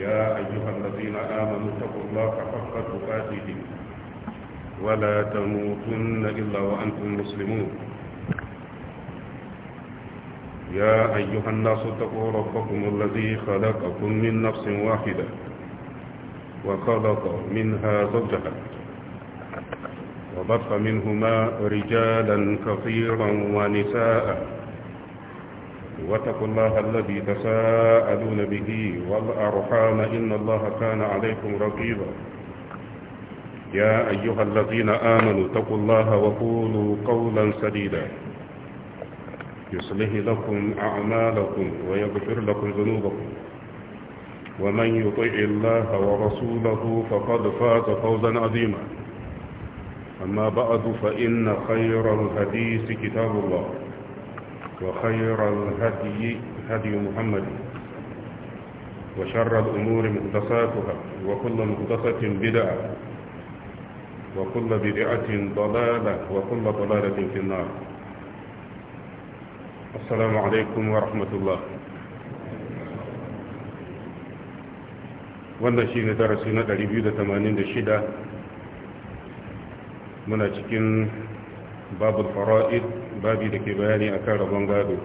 يا أيها الذين آمنوا اتقوا الله حق تقاته ولا تموتن إلا وأنتم مسلمون يا أيها الناس اتقوا ربكم الذي خلقكم من نفس واحدة وخلق منها زوجها وبط منهما رجالا كثيرا ونساء واتقوا الله الذي تساءلون به والأرحام إن الله كان عليكم رقيبا يا أيها الذين آمنوا اتقوا الله وقولوا قولا سديدا يصلح لكم أعمالكم ويغفر لكم ذنوبكم ومن يطع الله ورسوله فقد فات فوزا عظيما أما بعد فإن خير الحديث كتاب الله وخير الهدي هدي محمد وشر الأمور مهدساتها وكل مهدسة بدعة وكل بدعة ضلالة وكل ضلالة في النار السلام عليكم ورحمة الله wannan درسنا ne darasi تمانين الشدة muna cikin باب fara'id babi da ke bayani a kan rabon gado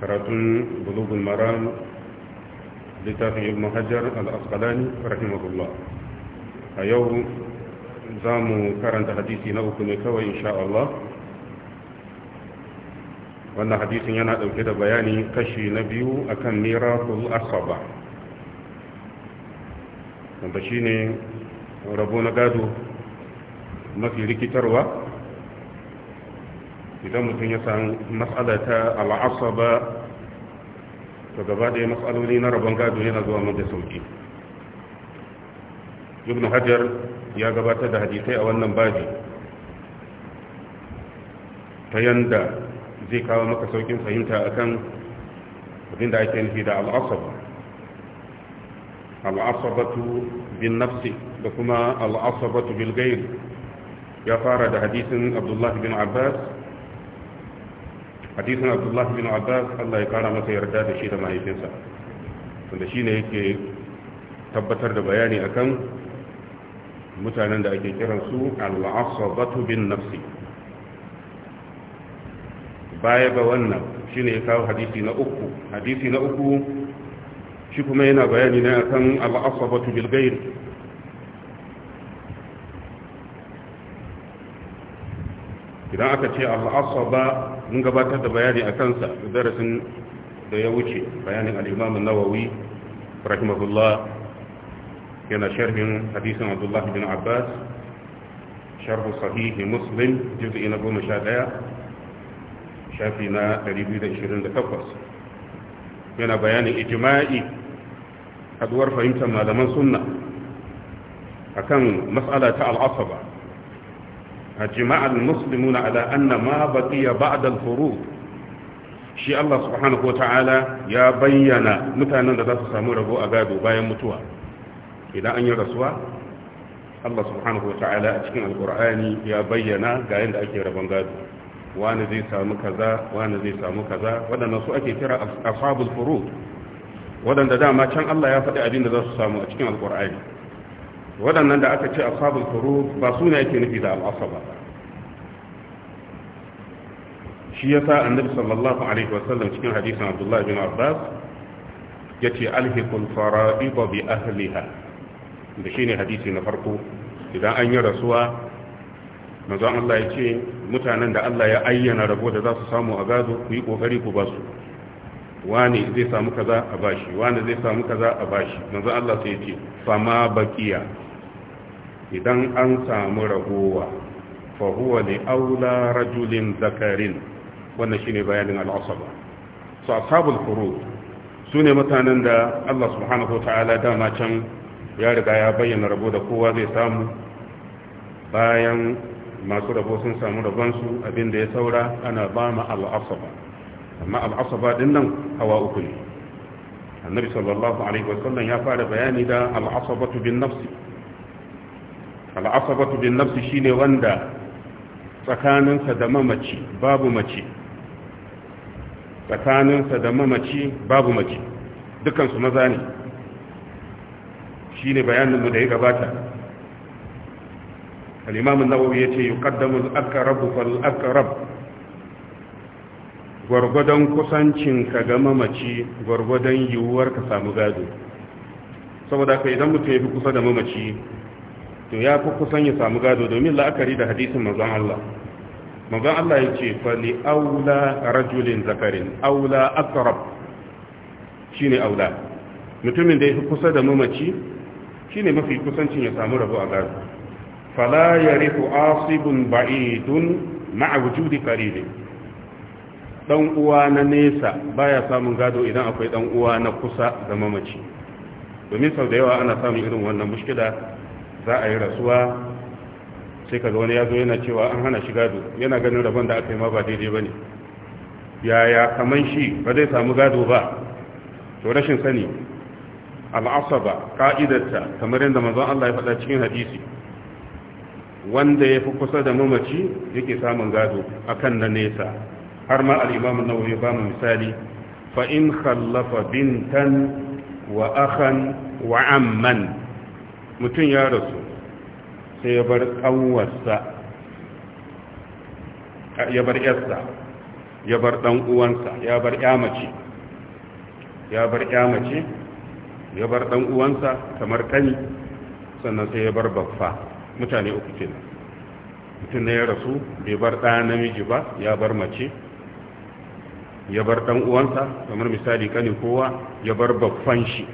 karatun bulugun maram littafin ibn hajjar al rahimahullah a yau za mu karanta hadisi na uku ne kawai insha Allah wannan hadisin yana ɗauke da bayani kashi na biyu akan miracle asaba wanda ne rabo na gado mafi rikitarwa idan mutum ya san matsala ta al'asa ba to gaba da matsaloli na rabon gado yana zuwa mun da sauki ibn hajar ya gabatar da hadisai a wannan baji ta yanda zai kawo maka saukin fahimta akan abin da ake nufi da al'asaba al'asabatu bin nafsi da kuma al'asabatu bil gairi ya fara da hadisin abdullahi bin abbas hadisin abdullahi bin abbas allah ya kara masa yarda da shi da mahaifinsa wanda shi ne yake tabbatar da bayani akan mutanen da ake kiransu al'asabatu bin nafsi baya ga wannan shi ne ya kawo hadisi na uku hadisi na uku shi kuma yana bayani ne akan al'asabatu bil gairi idan aka ce al'asaba mun gabatar da bayani a kansa da darasin da ya wuce bayanin al'imamun nawawi rahimahullah yana sharhin hadisin abdullahi bin abbas sharhu sahihi muslim juz'i na goma sha ɗaya shafi na 228 yana bayanin ijima'i haduwar fahimtar malaman sunna akan matsala ta al'asaba أجمع المسلمون على أن ما بقي بعد الفروض شيء الله سبحانه وتعالى يا بينا متانا ذات سامور أبو أغادو بايا متوى إذا أن يرسوى الله سبحانه وتعالى أتكين القرآن يا بينا قاين أكي ربان غادو وانا ذي سامو كذا وانا ذي سامو كذا ودن نسو أكي كرا أصحاب الفروض ودن دا ما كان الله يفتح أدين ذات سامو أتكين القرآن waɗannan da aka ce ashabul furud ba suna yake nufi da ba. shi ya sa annabi sallallahu alaihi wasallam cikin hadisin abdullahi bin abbas ya yace alhiqul fara'id bi ahliha da ne hadisi na farko idan an yi rasuwa manzon Allah ya ce mutanen da Allah ya ayyana rabo da za su samu a gado ku yi kokari ku basu wani zai samu kaza a bashi wani zai samu kaza a bashi manzon Allah sai ce, fama baqiya idan an samu ragowa fa huwa li aula rajulin zakarin wannan shine bayanin al'asaba so ashabul furud sune mutanen da Allah subhanahu ta'ala dama can ya riga ya bayyana rabo da kowa zai samu bayan masu rabo sun samu rabonsu abinda ya saura ana ba ma al'asaba amma al'asaba din nan hawa uku ne annabi sallallahu alaihi wasallam ya fara bayani da al'asabatu bin nafsi al'asabatu bin nafsi ne wanda tsakaninsa da mamaci babu mace tsakaninsa da mamaci babu mace dukansu maza ne Shi ne bayaninmu da ya gabata al-imam an-nawawi yace yuqaddamu al-aqrab fal-aqrab gwargwadon kusancin ka ga mamaci gwargwadon yiwuwar ka samu gado saboda ka idan mutum ya fi kusa da mamaci to ya fi kusan ya samu gado domin la'akari da hadisin mazan Allah mazan Allah ya ce fali aula rajulin zakarin aula shi ne aula mutumin da ya fi kusa da mamaci shi ne mafi kusancin ya samu rabo a gado fala ya yarifu asibun ba'idun ma'a wujudi dan uwa na nesa baya samun gado idan akwai dan uwa na kusa da mamaci domin sau da yawa ana samun irin wannan mushkila za a yi rasuwa sai kaga wani ya zo yana cewa an hana shi gado yana ganin rabon da aka yi ma ba daidai ba ne yaya kaman shi ba zai samu gado ba to rashin sani al'asaba ka'idarta kamar yadda manzon Allah ya faɗa cikin hadisi wanda ya fi kusa da mamaci yake samun gado akan na nesa har ma al-imam an ba mu misali fa khallafa bintan wa akhan wa amman mutum ya rasu sai ya bar ƙanwarsa ya bar yarsa ya bar ɗan’uwansa uwansa ya bar ƴamace ya bar ƴamace ya bar ɗan’uwansa kamar kani sannan sai ya bar baffa mutane uku ne. mutum ne ya rasu bai bar ɗa namiji ba ya bar mace ya bar ɗan’uwansa uwansa kamar misali kani kowa ya bar baffan shi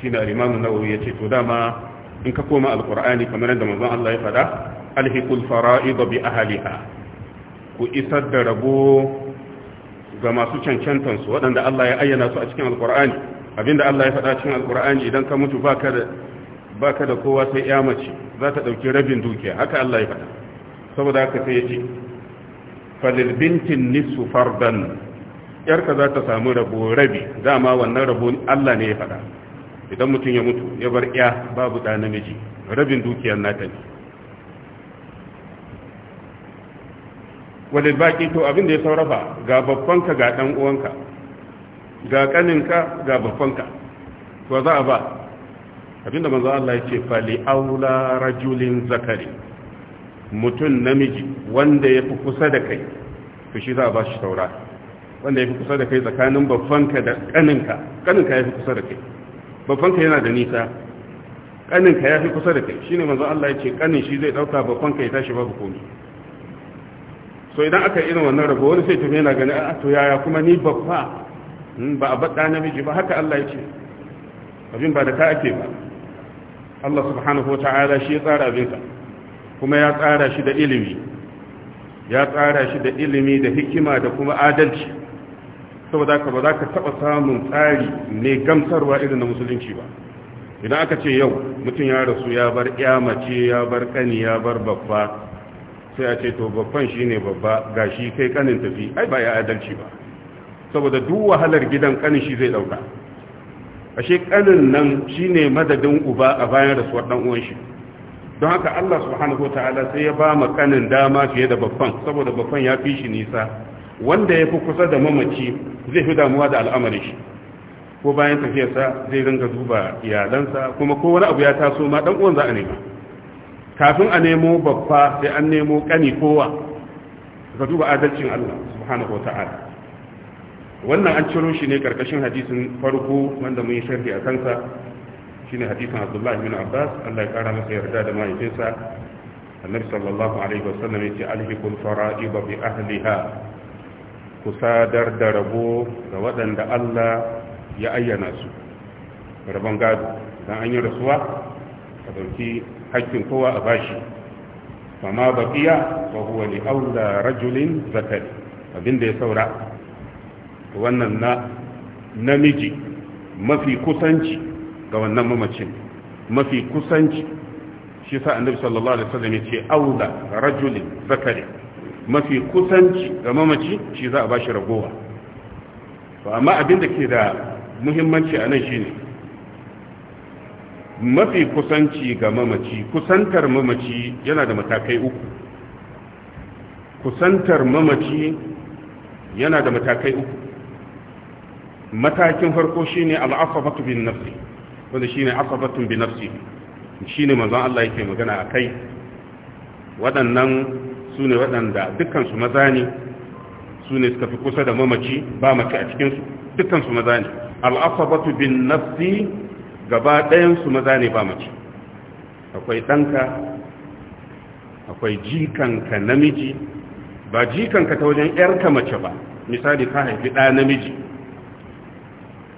shi da alimamun nawawi ya ce to dama in ka koma alkur'ani kamar yadda manzon Allah ya faɗa alhiqul fara'id bi ahliha ku isar da rabo ga masu cancantansu waɗanda Allah ya ayyana su a cikin alkur'ani abinda Allah ya faɗa cikin alkur'ani idan ka mutu baka da da kowa sai ya mace za ta rabin dukiya haka Allah ya faɗa saboda haka sai ya ce falil bintin nisu fardan yarka za ta samu rabo rabi dama wannan rabo Allah ne ya faɗa idan mutum ya mutu ya bar ya babu da namiji rabin dukiyar nata ne wadda baki to abin da ya saurafa ga babbanka ga dan uwanka ga kaninka ga babbanka to za a ba abinda manzo Allah ya ce fali aula rajulin zakari mutum namiji wanda ya fi kusa da kai to shi za a ba shi saura wanda ya fi kusa da kai tsakanin babbanka da kaninka kaninka ya fi kusa da kai babbanka yana da nisa kaninka ya fi kusa da kai shine manzo Allah ya ce kanin shi zai dauka babbanka ya tashi babu komai so idan aka yi irin wannan rabo wani sai tafi yana gani a to yaya kuma ni babba hmm, ba a baɗa namiji ba haka Allah ya ce abin ba da ka ake ba Allah subhanahu wa ta'ala shi ya tsara abinsa kuma ya tsara shi da ilimi ya tsara shi da ilimi da hikima da kuma adalci saboda ka ba za ka taɓa samun tsari mai gamsarwa irin na musulunci ba idan aka ce yau mutum ya rasu ya bar mace ya bar ƙani ya bar babba sai a ce to babban shi ne babba ga shi kai kanin tafi ai ba ya adalci ba saboda duk wahalar gidan kanin shi zai ɗauka ashe kanin nan shi ne madadin uba a bayan rasuwar ɗan uwan shi don haka allah subhanahu wa ta'ala sai ya ba ma ƙanin dama fiye da babban saboda babban ya fi shi nisa wanda ya fi kusa da mamaci zai fi damuwa da al'amari shi ko bayan tafiyarsa zai ringa duba iyalansa kuma ko wani abu ya taso ma dan uwan za a nema kafin a nemo babba sai an nemo kani kowa ka duba adalcin Allah subhanahu wata'ala wannan an ciro shi ne karkashin hadisin farko wanda mun yi sharhi a kansa shine hadisin Abdullah bin Abbas Allah ya kara masa yarda da mahaifinsa Annabi sallallahu alaihi wasallam yace alhiqul fara'id bi ahliha ku sadar da rabo ga waɗanda Allah ya ayyana su rabon gado don an yi rasuwa ka ɗauki hakkin kowa a bashi fama baƙiya ba huwa li aula rajulin zakari abinda ya saura wannan na namiji mafi kusanci ga wannan mamacin mafi kusanci shi sa annabi sallallahu alaihi wasallam ya ce aula rajulin zakari mafi kusanci ga mamaci shi za a bashi ragowa to amma abin da ke da muhimmanci a nan shine mafi kusanci ga mamaci kusantar mamaci yana da matakai uku kusantar mamaci yana da matakai uku matakin farko shine al'asabatu bin nafsi wanda shine asabatun bin nafsi shine manzon Allah yake magana akai waɗannan su ne waɗanda dukansu maza ne su ne suka fi kusa da mamaci ba mace a cikinsu dukansu maza ne al'afabatu bin nafsi gaba ɗayansu maza ne ba mace akwai ɗanka akwai jikanka namiji ba jikanka ta wajen ‘yarka mace ba misali ka haifi ɗa namiji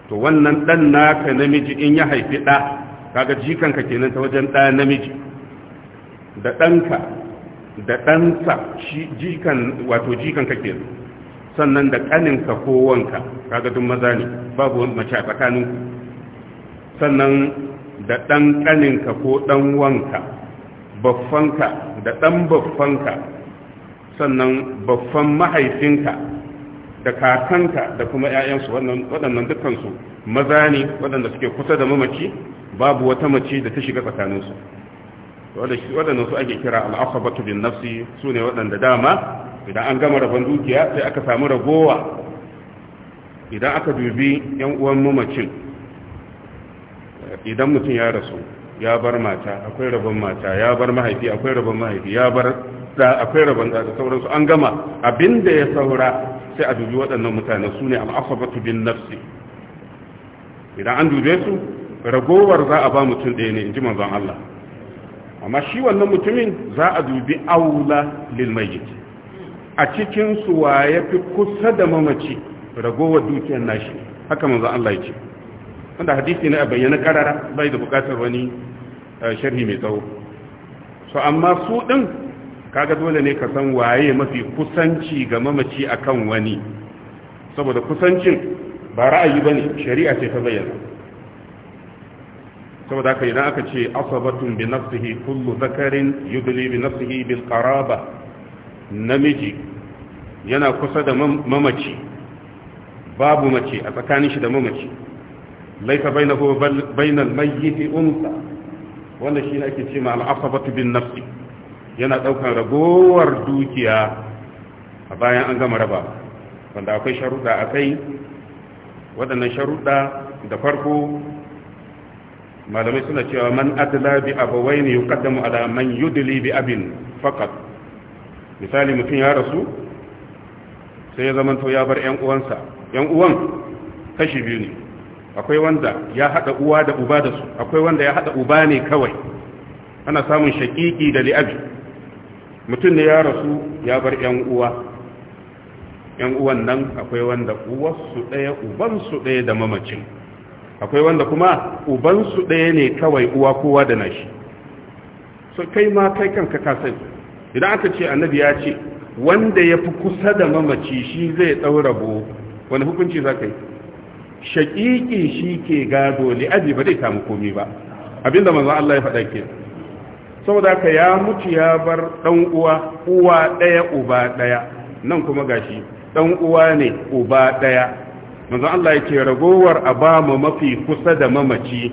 to wannan ɗan naka namiji in ya haifi ɗa kaga jikanka kenan ta wajen ɗa namiji da ɗanka da ɗansa jikan wato jikan kake sannan da ƙaninka ko wanka kaga duk maza ne babu mace a tsakanin sannan da ɗan ƙaninka ko ɗan wanka baffanka da ɗan baffanka sannan baffan mahaifinka da kakanka da kuma 'ya'yansu waɗannan dukansu maza ne waɗanda suke kusa da mamaci babu wata mace da ta shiga tsakaninsu waɗannan su ake kira al'asabatu bin nafsi su ne waɗanda dama idan an gama rabon dukiya sai aka samu ragowa idan aka dubi yan uwan mamacin idan mutum ya rasu ya bar mata akwai rabon mata ya bar mahaifi akwai rabon mahaifi ya bar da akwai rabon da sauransu an gama abinda ya saura sai a dubi waɗannan mutane su ne al'asabatu bin nafsi idan an dube su ragowar za a ba mutum ɗaya ne in ji manzon Allah amma shi wannan mutumin za a dubi aula lil a cikin su waye fi kusa da mamaci ragowar dukiyar nashi haka manzo Allah ya ce wanda hadisi ne a bayyana karara bai da bukatar wani eh, sharhi mai tsawo so amma su din kaga dole ne ka san waye mafi kusanci ga mamaci akan wani saboda kusancin ba ra'ayi bane shari'a ce ta bayyana saboda haka idan aka ce asabatun bi nafsihi kullu zakarin yudli bi nafsihi bil qaraba namiji yana kusa da mamaci babu mace a tsakanin shi da mamaci laisa bainahu bainal mayyit unsa wanda shi ake ce ma al'asabatu bin nafsi yana daukan ragowar dukiya a bayan an gama raba wanda akwai sharuɗa akai waɗannan sharuɗa da farko malamai suna cewa man adla bi abawain yuqaddamu ala man yudli bi abin faqat misali mutum ya rasu sai ya zamanto ya bar yan uwansa yan uwan kashi biyu ne akwai wanda ya hada uwa da uba da su akwai wanda ya hada uba ne kawai ana samun shakiki da li'abi mutum ne ya rasu ya bar yan uwa yan uwan nan akwai wanda uwarsu ɗaya ubansu ɗaya da mamacin akwai wanda kuma ubansu ɗaya ne kawai uwa kowa da nashi so kai ma kai kanka ka sani idan aka ce annabi ya ce wanda ya fi kusa da mamaci shi zai ɗaura bo wani hukunci za ka yi shaƙiƙi shi ke gado aji ba zai samu komi ba abinda manzan Allah ya faɗa ke saboda ka ya mutu ya bar ɗan uwa uwa ɗaya uba ɗaya nan kuma gashi ɗan uwa ne uba ɗaya manzon Allah yake ragowar a ba mu mafi kusa da mamaci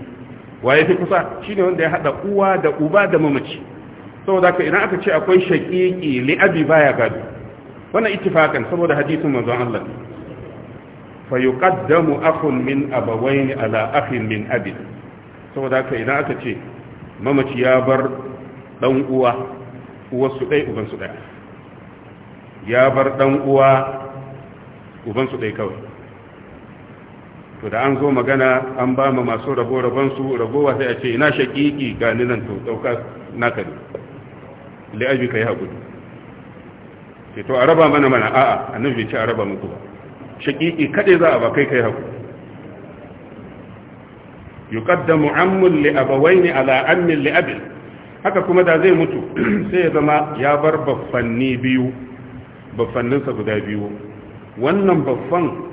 waye fi kusa shine wanda ya hada uwa da uba da mamaci saboda haka idan aka ce akwai shaqiqi li abi baya gado wannan ittifakan saboda hadisin manzon Allah fa yuqaddamu akhun min abawayn ala akhin min abi saboda haka idan aka ce mamaci ya bar dan uwa dai uban su dai ya bar dan uwa su dai kawai to da an zo magana an ba ma masu rabo rabo ragowa sai a ce ina shakiki ga ninan to ɗauka naka ne la'aji ka yi haƙudu ce to a raba mana mana a'a annabi ce a raba muku ba shakiki kaɗai za a ba kai ka yi haƙudu yuqaddamu ammun li abawaini ala ammin li abin haka kuma da zai mutu sai ya zama ya bar baffanni biyu baffanninsa guda biyu wannan baffan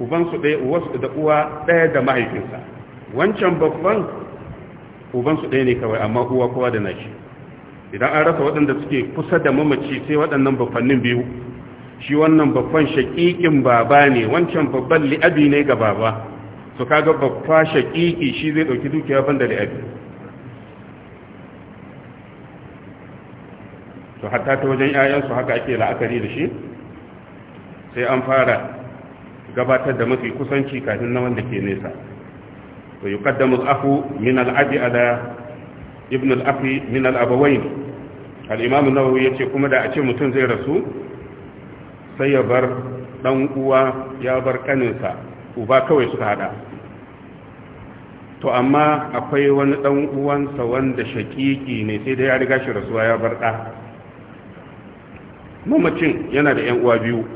ubansu ɗaya uwarsu da uwa ɗaya da mahaifinsa wancan babban ubansu ɗaya ne kawai amma uwa kowa da nashi idan an rasa waɗanda suke kusa da mamaci sai waɗannan babbannin biyu shi wannan babban shaƙiƙin baba ne wancan babban li'abi ne ga baba su kaga babba shaƙiƙi shi zai ɗauki dukiya banda li'abi to hatta ta wajen 'ya'yansu haka ake la'akari da shi sai an fara gabatar da mafi kusanci kafin na wanda ke nesa to yi kaddamu afu min al'adi a da ibn al min al'abawai al'imamu na imam an yace kuma da a ce mutum zai rasu sai ya bar dan uwa ya bar kaninsa uba kawai suka haɗa. to amma akwai wani ɗan uwansa wanda shaƙiƙi ne sai dai ya riga shi rasuwa ya bar da mamacin yana da yan uwa biyu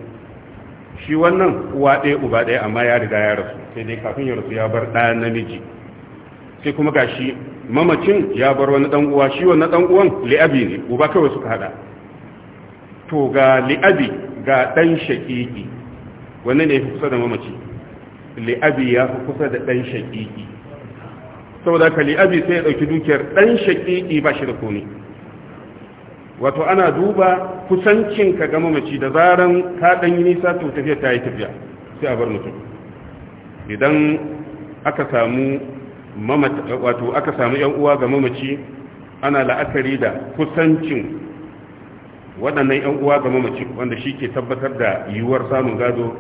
shi wannan uwa ɗaya uba ɗaya amma ya riga ya rasu sai dai kafin ya rasu ya bar ɗa namiji sai kuma ga shi mamacin ya bar wani ɗan uwa shi wannan ɗan uwan li'abi ne uba kawai suka haɗa to ga li'abi ga ɗan shaƙiƙi wannan ne ya fi kusa da mamaci li'abi ya fi kusa da ɗan shaƙiƙi saboda ka li'abi sai ya ɗauki dukiyar ɗan shaƙiƙi ba shi da komai wato ana duba kusancin ka ga mamaci da zaran ka dan yi nisa to tafiya ta yi tafiya sai a bar mutum idan aka samu wato aka samu yan uwa ga mamaci ana la'akari da kusancin waɗannan yan uwa ga mamaci wanda shi ke tabbatar da yiwuwar samun gado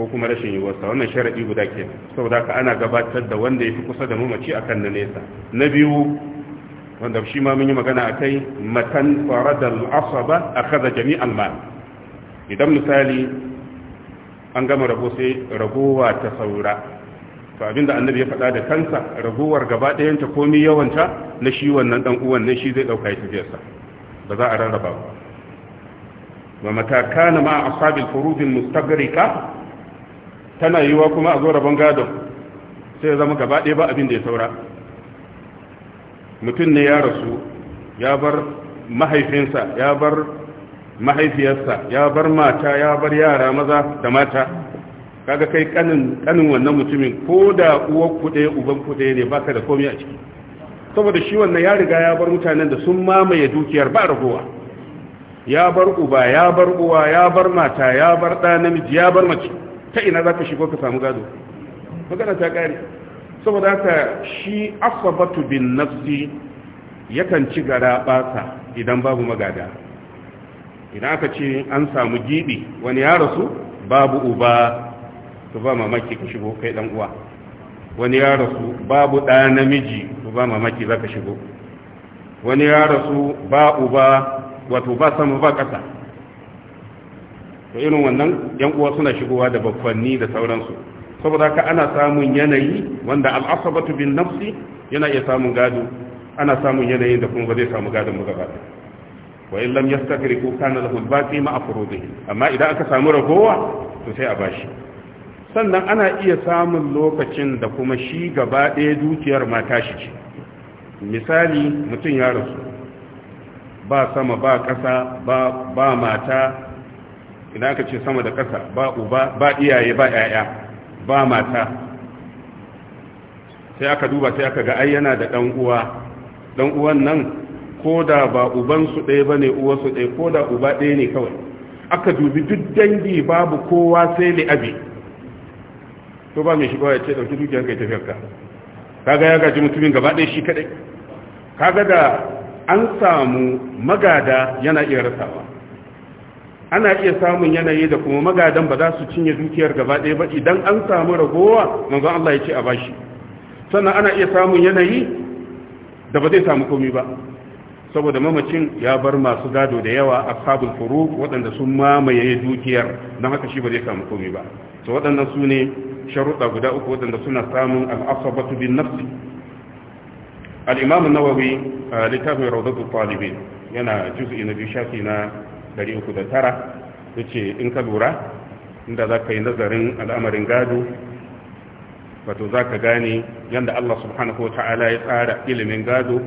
ko kuma rashin yiwuwarsa wannan sharaɗi guda ke saboda ka ana gabatar da wanda ya fi kusa da mamaci akan na nesa na biyu wanda shi ma mun yi magana a kai matan da asaba a kaza jami'an ma idan misali an gama rabo sai ragowa ta saura to abinda annabi ya faɗa da kansa ragowar gaba ɗayanta komi yawanta na shi wannan ɗan uwan ne shi zai ɗauka ya tafiyarsa ba za a rarraba ba wa mata kana ma ashabil furudin mustagrika tana yiwa kuma a zo rabon gado sai ya zama gaba ɗaya ba abin da ya saura mutum ne ya rasu ya bar mahaifinsa ya bar mahaifiyarsa ya bar mata ya bar yara maza da mata kaga kai kanin wannan mutumin ko da uwar kuɗe uban kuɗe ne baka da komai a ciki saboda shi wannan ya riga ya bar mutanen da sun mamaye dukiyar ba ragowa ya bar uba ya bar uwa ya bar mata ya bar ɗa namiji ya bar mace ta ina za ka shigo ka samu gado magana ta ƙare saboda haka shi asabatu bin nafsi yakan ci gara basa idan babu magada idan aka ce an samu gibi wani ya rasu babu uba to ba mamaki ka shigo kai dan uwa wani ya rasu babu da namiji to ba mamaki za ka shigo wani ya rasu ba uba wato ba samu ba ƙasa to irin wannan yan uwa suna shigowa da babbanni da sauransu saboda ka ana samun yanayi wanda al'asabatu bin nafsi yana iya samun gado ana samun yanayin da kuma ba zai samu gadon mu gaba wa in lam yastakriku kana lahu al-baqi ma afrudihi amma idan aka samu ragowa to sai a bashi sannan ana iya samun lokacin da kuma shi gaba ɗaya dukiyar mata shi ce misali mutum ya rasu ba sama ba ƙasa ba mata idan aka ce sama da ƙasa ba uba ba iyaye ba 'ya'ya ba mata sai aka duba sai aka ga ai yana da dan uwa nan ko da ba ubansu ɗaya ba ne ɗaya ko da uba ɗaya ne kawai aka dubi duk dangi babu kowa sai li'abi to ba mai shiga ya ce ɗauki dukiyar kai tafiyarka kaga ya gaji mutumin gaba ɗaya shi kaɗai kaga da an samu magada yana iya rasawa ana iya samun yanayi da kuma magadan ba za su cinye dukiyar gaba ɗaya ba idan an samu ragowa manzo Allah ya ce a bashi sannan ana iya samun yanayi da ba zai samu komai ba saboda mamacin ya bar masu gado da yawa a ashabul furuq waɗanda sun mamaye dukiyar don haka shi ba zai samu komai ba to waɗannan su ne sharuɗa guda uku waɗanda suna samun al'asabatu bin nafsi al-imam an-nawawi littafin rawdatul talibin yana juzu'i na biyu shafi na 309 ya ce in ka lura inda za ka yi nazarin al'amarin gado wato za ka gane yadda Allah subhanahu wa ta'ala ya tsara ilimin gado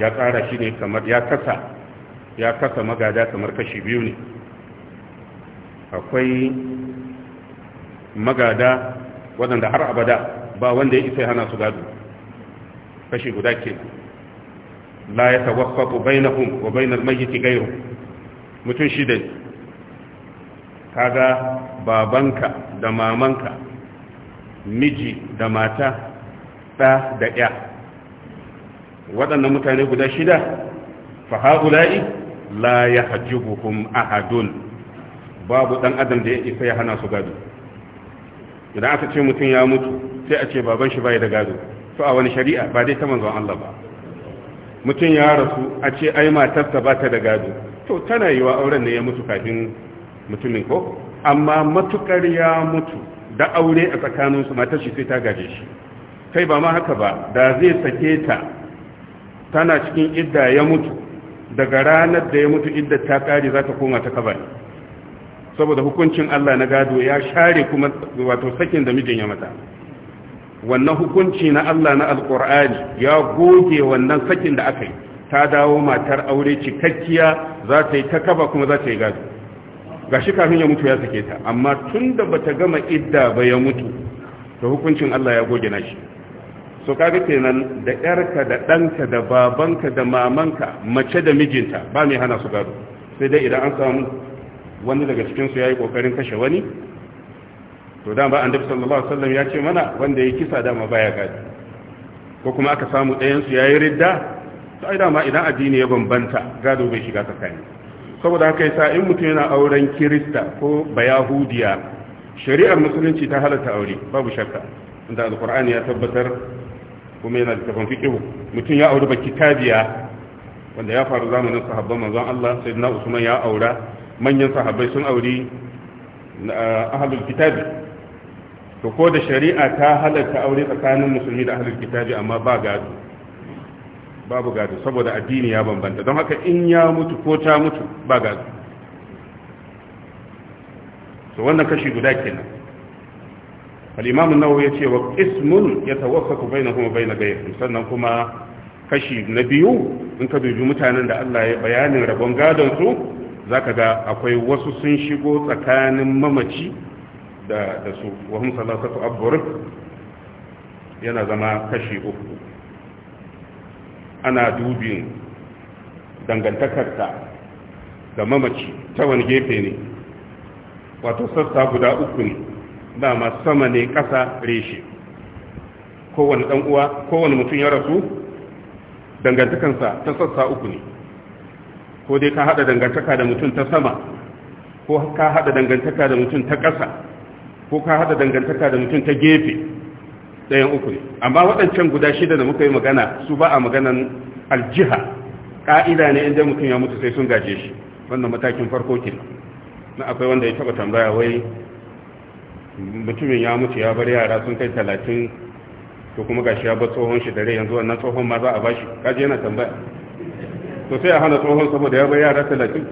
ya tsara shi ne kamar ya kasa ya kasa magada kamar kashi biyu ne akwai magada waɗanda har abada ba wanda ya isa hana su gado kashi guda ke la ya tawaffaqu bainahum wa bainal mayyit ghayruh mutum shida ne kaga babanka da mamanka miji da mata ɗa da ya waɗannan mutane guda shida fa haula'i la yahjubuhum ahadun babu dan adam da ya isa ya hana su gado idan aka ce mutum ya mutu sai a ce baban shi bai da gado to a wani shari'a ba dai ta manzon Allah ba mutum ya rasu a ce ai matarsa ba ta da gado to tana wa auren ne ya mutu kafin mutumin ko amma matukar ya mutu da aure a tsakaninsu matar shi sai ta gaje shi kai ba ma haka ba da zai sake ta tana cikin idda ya mutu daga ranar da ya mutu idda ta kare za ta koma ta kabari saboda hukuncin Allah na gado ya share kuma wato sakin da mijin ya mata wannan hukunci na Allah na alkur'ani ya goge wannan sakin da aka yi ta dawo matar aure cikakkiya za ta yi ta kafa kuma za ta yi gado ga shi kafin ya mutu ya sake ta amma tun da ba ta gama idda ba ya mutu da hukuncin Allah ya goge na shi so kaga kenan da yarka da ɗanka da babanka da mamanka mace da mijinta ba mai hana su gado sai dai idan an samu wani daga cikinsu ya yi ƙoƙarin kashe wani to dama annabi sallallahu alaihi wasallam ya ce mana wanda ya kisa dama baya gado ko kuma aka samu ɗayansu ya yi ridda to dama idan addini ya bambanta gado bai shiga tsakani saboda haka yasa in mutum yana auren kirista ko bayahudiya shari'ar musulunci ta halatta aure babu shakka inda alqur'ani ya tabbatar kuma yana da fiqh mutum ya aure bakitabiya wanda ya faru zamanin sahabban manzon Allah sayyidina Usman ya aura manyan sahabbai sun aure ah, ahlul kitabi to ko da shari'a ta halatta aure tsakanin musulmi da ahlul kitabi amma ba gado babu gado saboda addini ya bambanta don haka in ya mutu ko ta mutu ba gado to wannan kashi guda kenan al-imam an-nawawi yace wa ismun yatawaffaqu bainahum wa bain sannan kuma kashi na biyu in ka dubi mutanen da Allah ya bayanin rabon gadon su zaka ga akwai wasu sun shigo tsakanin mamaci da da su wa hum salatu abdur yana zama kashi uku ana dubin dangantakarta da mamaci ta wani gefe ne wato sassa guda uku ne dama sama ne ƙasa reshe kowane uwa kowane mutum ya rasu dangantakansa ta sassa uku ne ko dai ka haɗa dangantaka da mutum ta sama ko ka haɗa dangantaka da mutum ta ƙasa ko ka haɗa dangantaka da mutum ta gefe ɗayan uku ne amma waɗancan guda shida da muka yi magana su ba a maganan aljiha ƙa'ida ne inda mutum ya mutu sai sun gaje shi wannan matakin farko ke na akwai wanda ya taɓa tambaya wai mutumin ya mutu ya bar yara sun kai talatin to kuma gashi ya bar tsohon shi dare yanzu wannan tsohon ma za a bashi kaji yana tambaya to sai a hana tsohon saboda ya bar yara talatin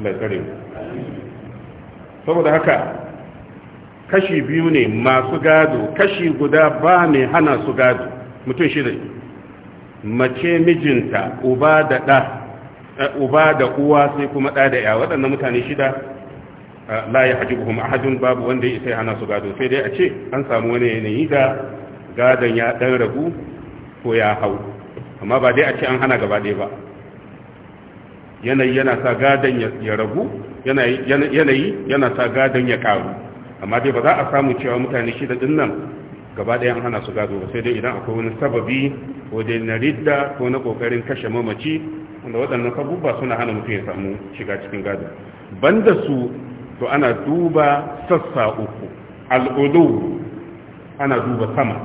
Allah ya kare saboda haka kashi biyu ne masu gado kashi guda ba mai hana su gado mutum shida mace mijinta uba da ɗa eh, uba da uwa sai kuma ɗa da ya waɗannan mutane shida eh, la ya haji a hajjun babu wanda ya sai hana su gado sai dai a ce an samu wani yanayi da gadon ya ɗan ragu ko ya hau amma ba dai a ce an hana gaba ɗaya ba yanayi yana sa gadon ya ragu yanayi yana sa gadon ya ƙaru amma dai ba za a samu cewa mutane shida din nan gaba ɗaya an hana su gado ba sai dai idan akwai wani sababi ko dai na ridda ko na kokarin kashe mamaci wanda waɗannan sabubba suna hana mutum ya samu shiga cikin gado banda su to ana duba sassa uku al'udu ana duba sama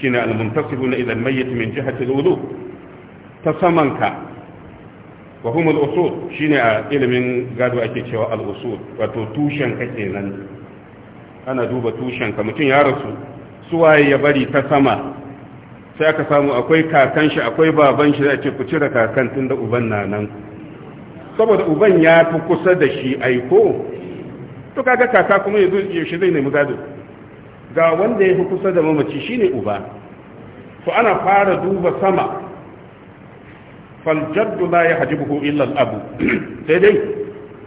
shine al-muntasibu ila al-mayyit min jihati al saman ta samanka wa humul usul shine a ilimin gado ake cewa al usul wato tushen ka nan. ana duba tushen ka mutum ya rasu suwaye ya bari ta sama sai aka samu akwai kakan shi akwai baban shi zai ce ku cire kakan tun da uban na nan saboda uban ya fi kusa da shi aiko to kaga kaka kuma yanzu yaushe zai nemi gado ga wanda ya fi kusa da mamaci shine uba to ana fara duba sama faljaddu la ya hajibuhu illa abu sai dai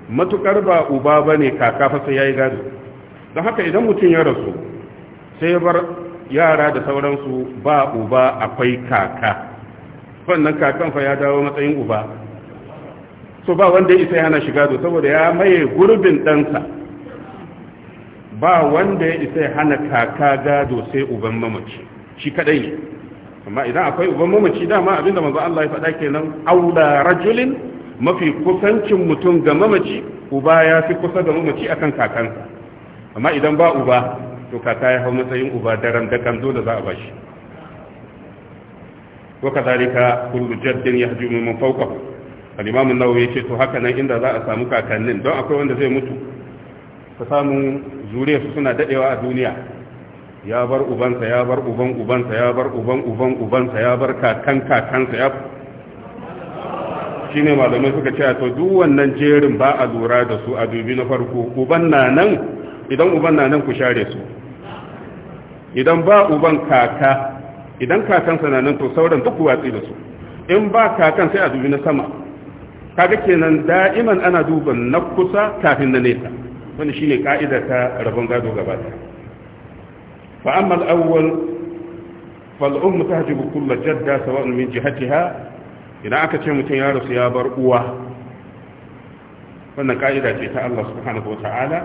matukar ba uba bane kaka fa sai yayi gado don haka idan mutum ya rasu sai bar yara da sauransu ba uba akwai kaka wannan kakan fa ya dawo matsayin uba so ba wanda isa yana shiga do saboda ya maye gurbin ɗansa ba wanda ya isa hana kaka gado sai uban mamaci shi kadai ne amma idan akwai uban mamaci dama abinda manzo Allah ya faɗa kenan aula rajulin mafi kusancin mutum ga mamaci uba ya fi kusa da mamaci akan kakansa amma idan ba uba to kaka ya hau matsayin uba daren da kan dole za a bashi وكذلك كل جد يهجم من فوقه الامام النووي yace to haka nan inda za a samu kakannin don akwai wanda zai mutu ka samu zuriyarsu suna dadewa a duniya ya bar ubansa ya bar uban ubansa ya bar uban uban ubansa ya bar kakan kakansa ya shine malamai suka ce to duk wannan jerin ba a lura da su a dubi na farko uban na nan idan uban na nan ku share su idan ba uban kaka idan kakansa na nan to sauran duk watsi da su in ba kakan sai a dubi na sama kaga kenan da'iman ana duban na kusa kafin na nesa wani shine ka'ida ta rabon gado gaba ɗaya فأما الأول فالأم تهجب كل جدة سواء من aka ce mutum ya rasu ya bar uwa? wannan ka'ida ce ta Allah subhanahu wata'ala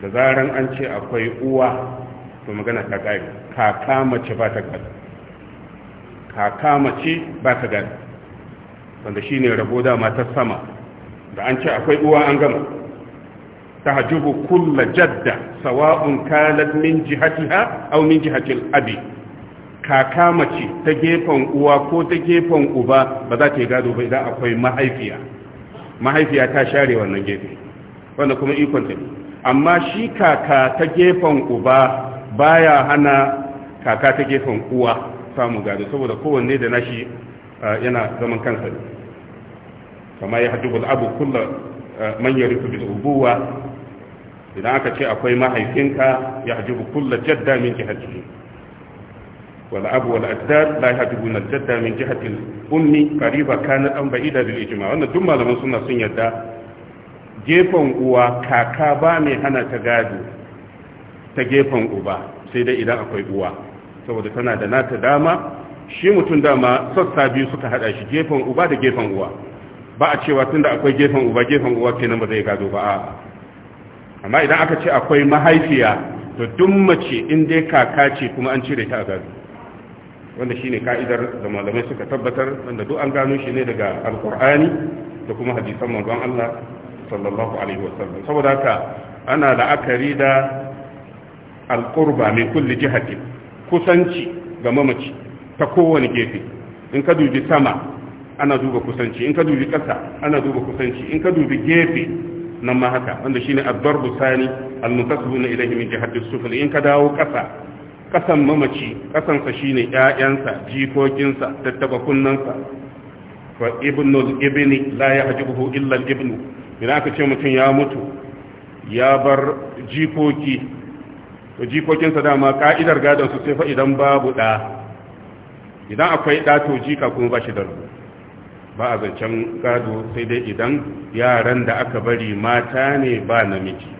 da zaran an ce akwai uwa to magana ta kai kaka mace ba ta kaka mace ba ta gada wanda shine rabo dama ta sama da an ce akwai uwa an gama tahjubu kulla jadda sawa'un kanat min jihatiha aw min jihatil abi kaka mace ta gefen uwa ko ta gefen uba ba za ta yi gado ba idan akwai mahaifiya mahaifiya ta share wannan gefe wanda kuma ikon ta amma shi kaka ta gefen uba baya hana kaka ta gefen uwa samu gado saboda kowanne da nashi yana zaman kansa ne ya hajjubul abu kullu man yarisu bil ubuwa idan aka ce akwai mahaifinka ya hajibu kulla jadda min jihatihi wal abu wal ajdad la yahjibun na jadda min jihati ummi qariba kanat am ba'ida bil ijma wannan duk malaman suna sun yadda gefen uwa kaka ba mai hana ta gado ta gefen uba sai dai idan akwai uwa saboda tana da nata dama shi mutum dama sassa biyu suka hada shi gefen uba da gefen uwa ba a cewa tun da akwai gefen uba gefen uwa kenan ba zai gado ba a amma idan aka ce akwai mahaifiya to duk mace in dai kaka ce kuma an cire ta a gado wanda shine ka'idar da malamai suka tabbatar wanda duk an gano shi ne daga alkur'ani da kuma hadisan manzon Allah sallallahu alaihi wasallam saboda haka ana la'akari da alqurba min kulli jihati kusanci ga mamaci ta kowane gefe in ka dubi sama ana duba kusanci in ka dubi ƙasa ana duba kusanci in ka dubi gefe nan ma haka wanda shine ad-darbu sani al na ilahi min jihati as-sufl in ka dawo ƙasa ƙasan mamaci ƙasan sa shine ƴaƴansa jikokinsa tattaba sa fa ibnu al-ibni la yahjibuhu illa al-ibnu idan aka ce mutum ya mutu ya bar jikoki to jikokinsa dama ka'idar gadon su sai fa idan babu da idan akwai da to jika kuma ba shi da rubu ba a zancen gado sai dai idan yaran da aka bari mata ne ba namiji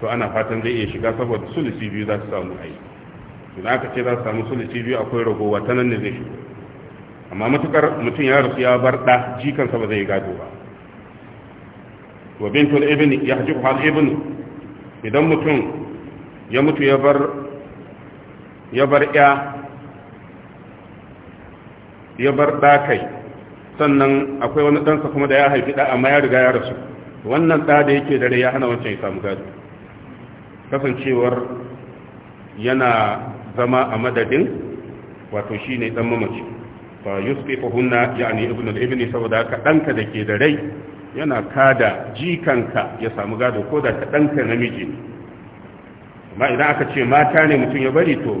to ana fatan zai iya shiga saboda sulusi biyu za su samu ai idan aka ce za su samu sulusi biyu akwai ragowa ta nan ne zai shigo amma matukar mutum ya rasu ya bar ɗa jikansa ba zai gado ba wa bintul ibn ya haji hal ibn idan mutum ya mutu ya bar ya bar ya ya bar ɗa kai sannan akwai wani ɗansa kuma da ya haifi ɗa amma ya riga ya rasu wannan ɗa da yake dare ya hana wancan ya samu gado kasancewar yana zama a madadin wato shi ne ɗan mamaci fa yusuf hunna ya ne ibn al-ibn saboda haka ɗanka da ke da rai yana kada jikanka ya samu gado ko da ka ɗanka namiji amma idan aka ce mata ne mutum ya bari to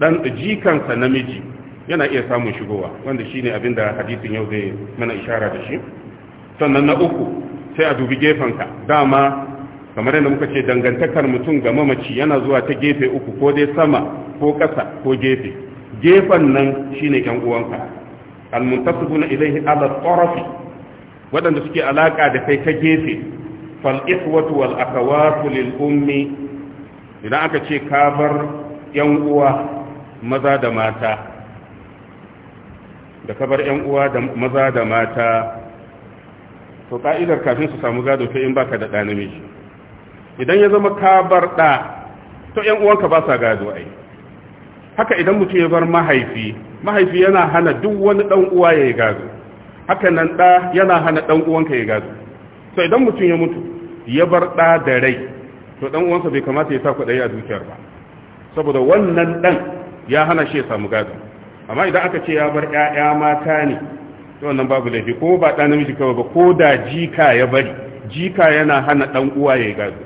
ɗan jikansa namiji yana iya samun shigowa wanda shi abin da hadisin yau zai mana ishara da shi sannan na uku sai a dubi gefenka dama kamar yadda muka ce dangantakar mutum ga mamaci yana zuwa ta gefe uku ko dai sama ko ƙasa ko gefe gefen nan shi ne yan uwanka almuntasibuna ilaihi ala tsorafi waɗanda suke alaƙa da kai ta gefe fal ikhwatu wal akhawatu ummi idan aka ce ka bar yan uwa maza da mata da kabar yan uwa da maza da mata to ka'idar kafin su samu gado sai in baka da ɗa namiji idan ya zama ka bar ɗa to yan uwanka ba sa gado ai haka idan mutum ya bar mahaifi mahaifi yana hana duk wani ɗan uwa ya yi gado haka nan ɗa yana hana ɗan uwanka ya gado to idan mutum ya mutu ya bar ɗa da rai to ɗan uwansa bai kamata ya sa kuɗai a dukiyar ba saboda wannan ɗan ya hana shi ya samu gado amma idan aka ce ya bar 'ya'ya mata ne to wannan babu laifi ko ba ɗan namiji kawai ba ko da jika ya bari jika yana hana ɗan uwa ya yi gado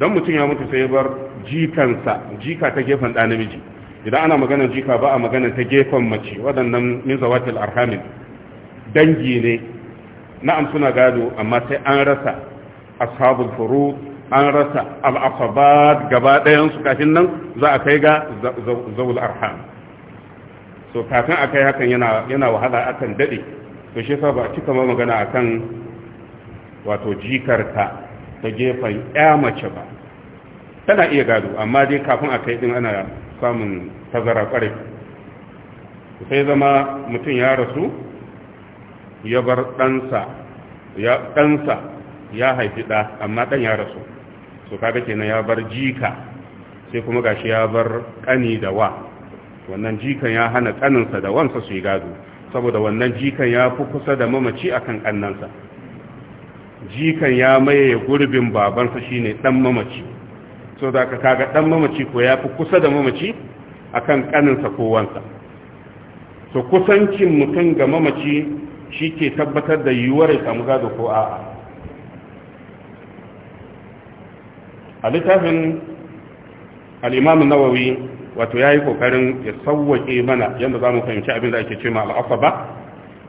don mutum ya mutu sai ya bar jikansa jika ta gefen ɗan namiji idan ana maganar jika ba a maganar ta gefen mace waɗannan min zawatil arhamin dangi ne na'am suna gado amma sai an rasa ashabul furu an rasa al-asabat gaba ɗayan su kafin nan za a kai ga zawul arham So kafin a kai hakan yana yana wahala akan daɗe, to shi yasa ba a cika magana akan wato jikarta ta gefen ya mace ba tana iya gado amma dai kafin a kai din ana samun tazara kwarai sai zama mutum ya rasu ya bar ɗansa ya ɗansa ya haifi ɗa amma ɗan ya rasu so kaga kenan ya bar jika sai kuma gashi ya bar ƙani da wa wannan jikan ya hana kaninsa da wansa su yi gado saboda wannan jikan ya fi kusa da mamaci a kan kannansa jikan ya maye gurbin babansa shine ɗan mamaci so da ka kaga ɗan mamaci ko ya fi kusa da mamaci a kan kaninsa ko wansa to kusancin mutum ga mamaci shi ke tabbatar da yiwuwar ya samu gado ko a'a a littafin al'imamun nawawi wato ya yi kokarin ya sawwake mana yanda zamu fahimci abin da ake cewa al-asaba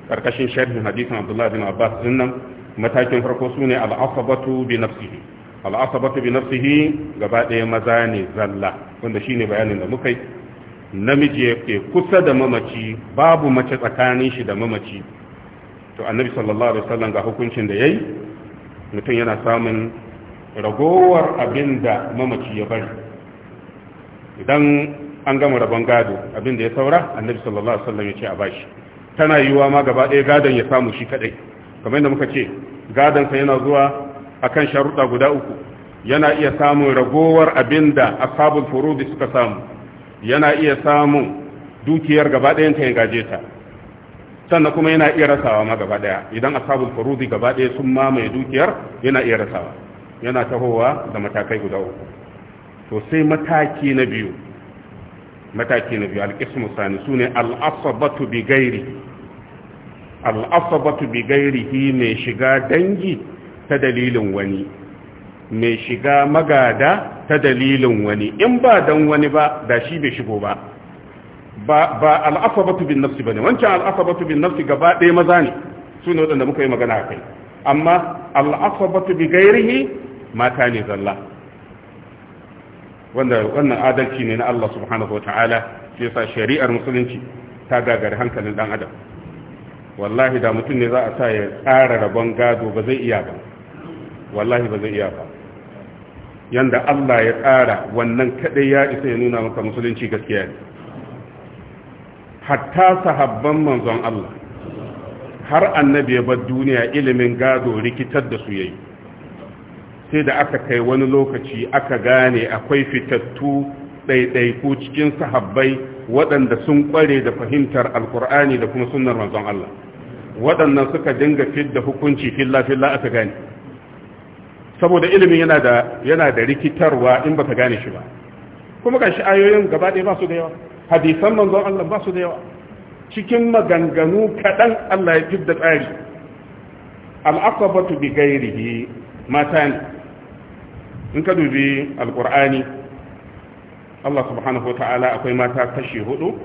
karkashin sharhin hadisin Abdullah bin Abbas dinnan matakin farko sune al-asabatu bi nafsihi al bi nafsihi gaba ɗaya maza ne zalla wanda shine bayanin da muka yi namiji yake kusa da mamaci babu mace tsakanin shi da mamaci to annabi sallallahu alaihi wasallam ga hukuncin da yayi mutum yana samun ragowar abin da mamaci ya bari idan an gama rabon gado abinda ya saura annabi sallallahu alaihi wasallam ya ce a bashi tana yiwuwa ma gaba ɗaya gadon ya samu shi kadai kamar yadda muka ce gadon sa yana zuwa akan sharuɗa guda uku yana iya samun ragowar abin da ashabul furudi suka samu yana iya samun dukiyar gaba ɗayan ta ya gaje ta sannan kuma yana iya rasawa ma gaba ɗaya idan ashabul furudi gaba ɗaya sun mamaye dukiyar yana iya rasawa yana tahowa da matakai guda uku to sai mataki na biyu mataki na biyu alƙismu sani su ne al'asabatu bi gairi al'asabatu bi gairihi mai shiga dangi ta dalilin wani mai shiga magada ta dalilin wani in ba dan wani ba da shi bai shigo ba ba al'asabatu bin nafsi ba ne wancan al'asabatu bin nafsi gaba ɗaya maza ne su ne waɗanda muka yi magana a kai amma al'asabatu bi gairi mata ne zalla wanda wannan adalci ne na Allah subhanahu wataala shi yasa shari'ar musulunci ta gagari hankalin dan adam wallahi da mutum ne za a sa ya tsara rabon gado ba zai iya ba wallahi ba zai iya ba yanda Allah ya tsara wannan kadai ya isa ya nuna maka musulunci gaskiya ne hatta sahabban manzon Allah har annabi ya bar duniya ilimin gado rikitar da su yayi sai da aka kai wani lokaci aka gane akwai fitattu ɗaiɗaiku cikin sahabbai waɗanda sun ƙware da fahimtar alƙur'ani da kuma sunnar manzon Allah waɗannan suka dinga fidda hukunci filla-filla aka gane saboda ilimin yana da yana da rikitarwa in baka gane shi ba kuma ga ayoyin gaba ɗaya ba su da yawa hadisan manzon Allah ba su da yawa cikin maganganu kaɗan Allah ya fidda tsari al'aqabatu bi ghairihi mata in ka dubi alkur'ani Allah subhanahu wa ta'ala akwai mata kashi hudu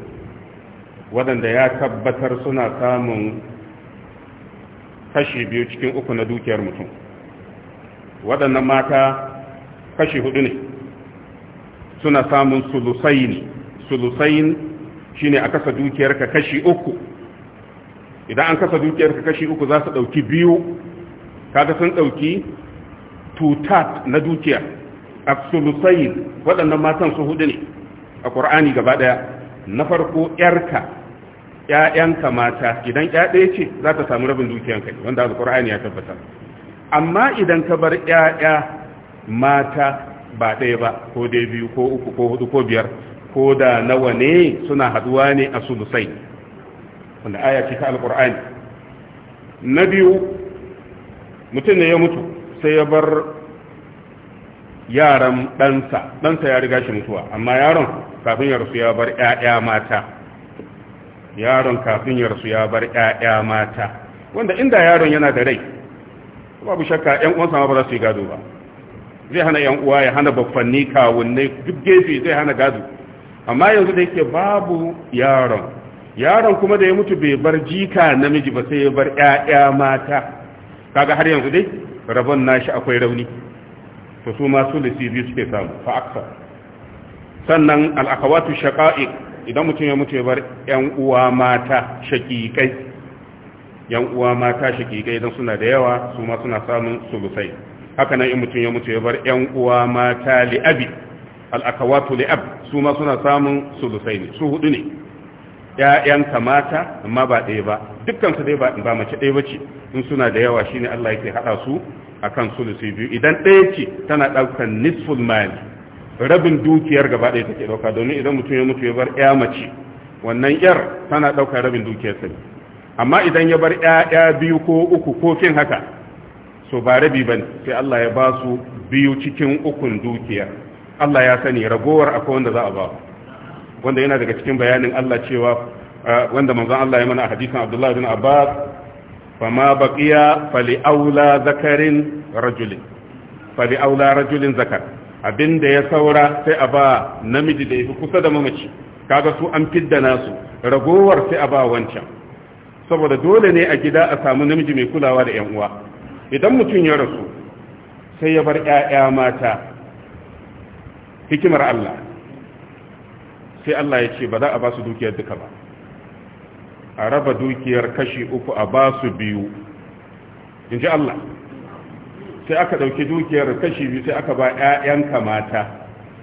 waɗanda ya tabbatar suna samun kashi biyu cikin uku na dukiyar mutum waɗannan mata kashi hudu ne suna samun sulusaini sulusain shine a kasa dukiyarka kashi uku idan an kasa dukiyarka kashi uku za su ɗauki biyu kaga sun ɗauki tutat na dukiya absolusain waɗannan matan su hudu ne a ƙur'ani gaba ɗaya na farko yarka ƴaƴanka mata idan ‘ya ce za ta samu rabin dukiyanka kai wanda alƙur'ani ya tabbatar amma idan ka bar ƴaƴa mata ba ɗaya ba ko dai biyu ko uku ko hudu ko biyar ko da nawa ne suna haduwa ne a sulusai wanda aya ce ta alƙur'ani na biyu mutum ne ya mutu sai ya bar yaran ɗansa ɗansa ya riga shi mutuwa amma yaron kafin ya rasu ya bar ‘ya’ya mata yaron kafin ya rasu ya bar ‘ya’ya mata wanda inda yaron yana da rai babu shakka yan uwansa ma ba za su yi gado ba zai hana yan uwa ya hana baffanni kawunne duk gefe zai hana gado amma yanzu da yake babu yaron yaron kuma da ya mutu bai bar jika namiji ba sai ya bar ‘ya’ya mata kaga har yanzu dai rabon nashi akwai rauni to su ma sulusi biyu suke samu fa aksar sannan al'akawatu shaqa'iq idan mutum ya mutu ya bar yan uwa mata shaqiqai yan uwa mata shaqiqai idan suna da yawa su ma suna samun sulusai haka nan in mutum ya mutu ya bar yan uwa mata li'abi al'akawatu li'ab su ma suna samun sulusai ne su hudu ne ‘ya'yanka mata amma ba ɗaya ba dukkansu dai ba mace ɗaya ba ce in suna da yawa shine Allah yake haɗa su a kan sulusi biyu idan ɗaya ce tana ɗaukar nisful mali rabin dukiyar gaba ɗaya take ɗauka domin idan mutum ya mutu ya bar ‘ya mace wannan ‘yar tana ɗaukar rabin dukiyar sa amma idan ya bar ‘ya'ya biyu ko uku ko fin haka so ba rabi ba sai Allah ya ba su biyu cikin ukun dukiyar Allah ya sani ragowar akwai wanda za a ba wanda yana daga cikin bayanin Allah cewa ah, wanda manzon Allah ya mana a hadisin Abdullah bin Abbas fama baqiya fali aula zakarin rajulin fali aula rajulin zakar abinda ya saura sai a ba namiji da yafi kusa da mamaci kaga su an fidda nasu ragowar sai a ba wancan saboda dole ne a gida a samu namiji mai kulawa da yan uwa idan mutum ya rasu sai ya bar ƴaƴa mata hikimar Allah sai Allah ya ce ba za a ba su dukiyar duka ba a raba dukiyar kashi uku a ba su biyu in ji Allah sai aka ɗauki dukiyar kashi biyu sai aka ba 'ya'yanka mata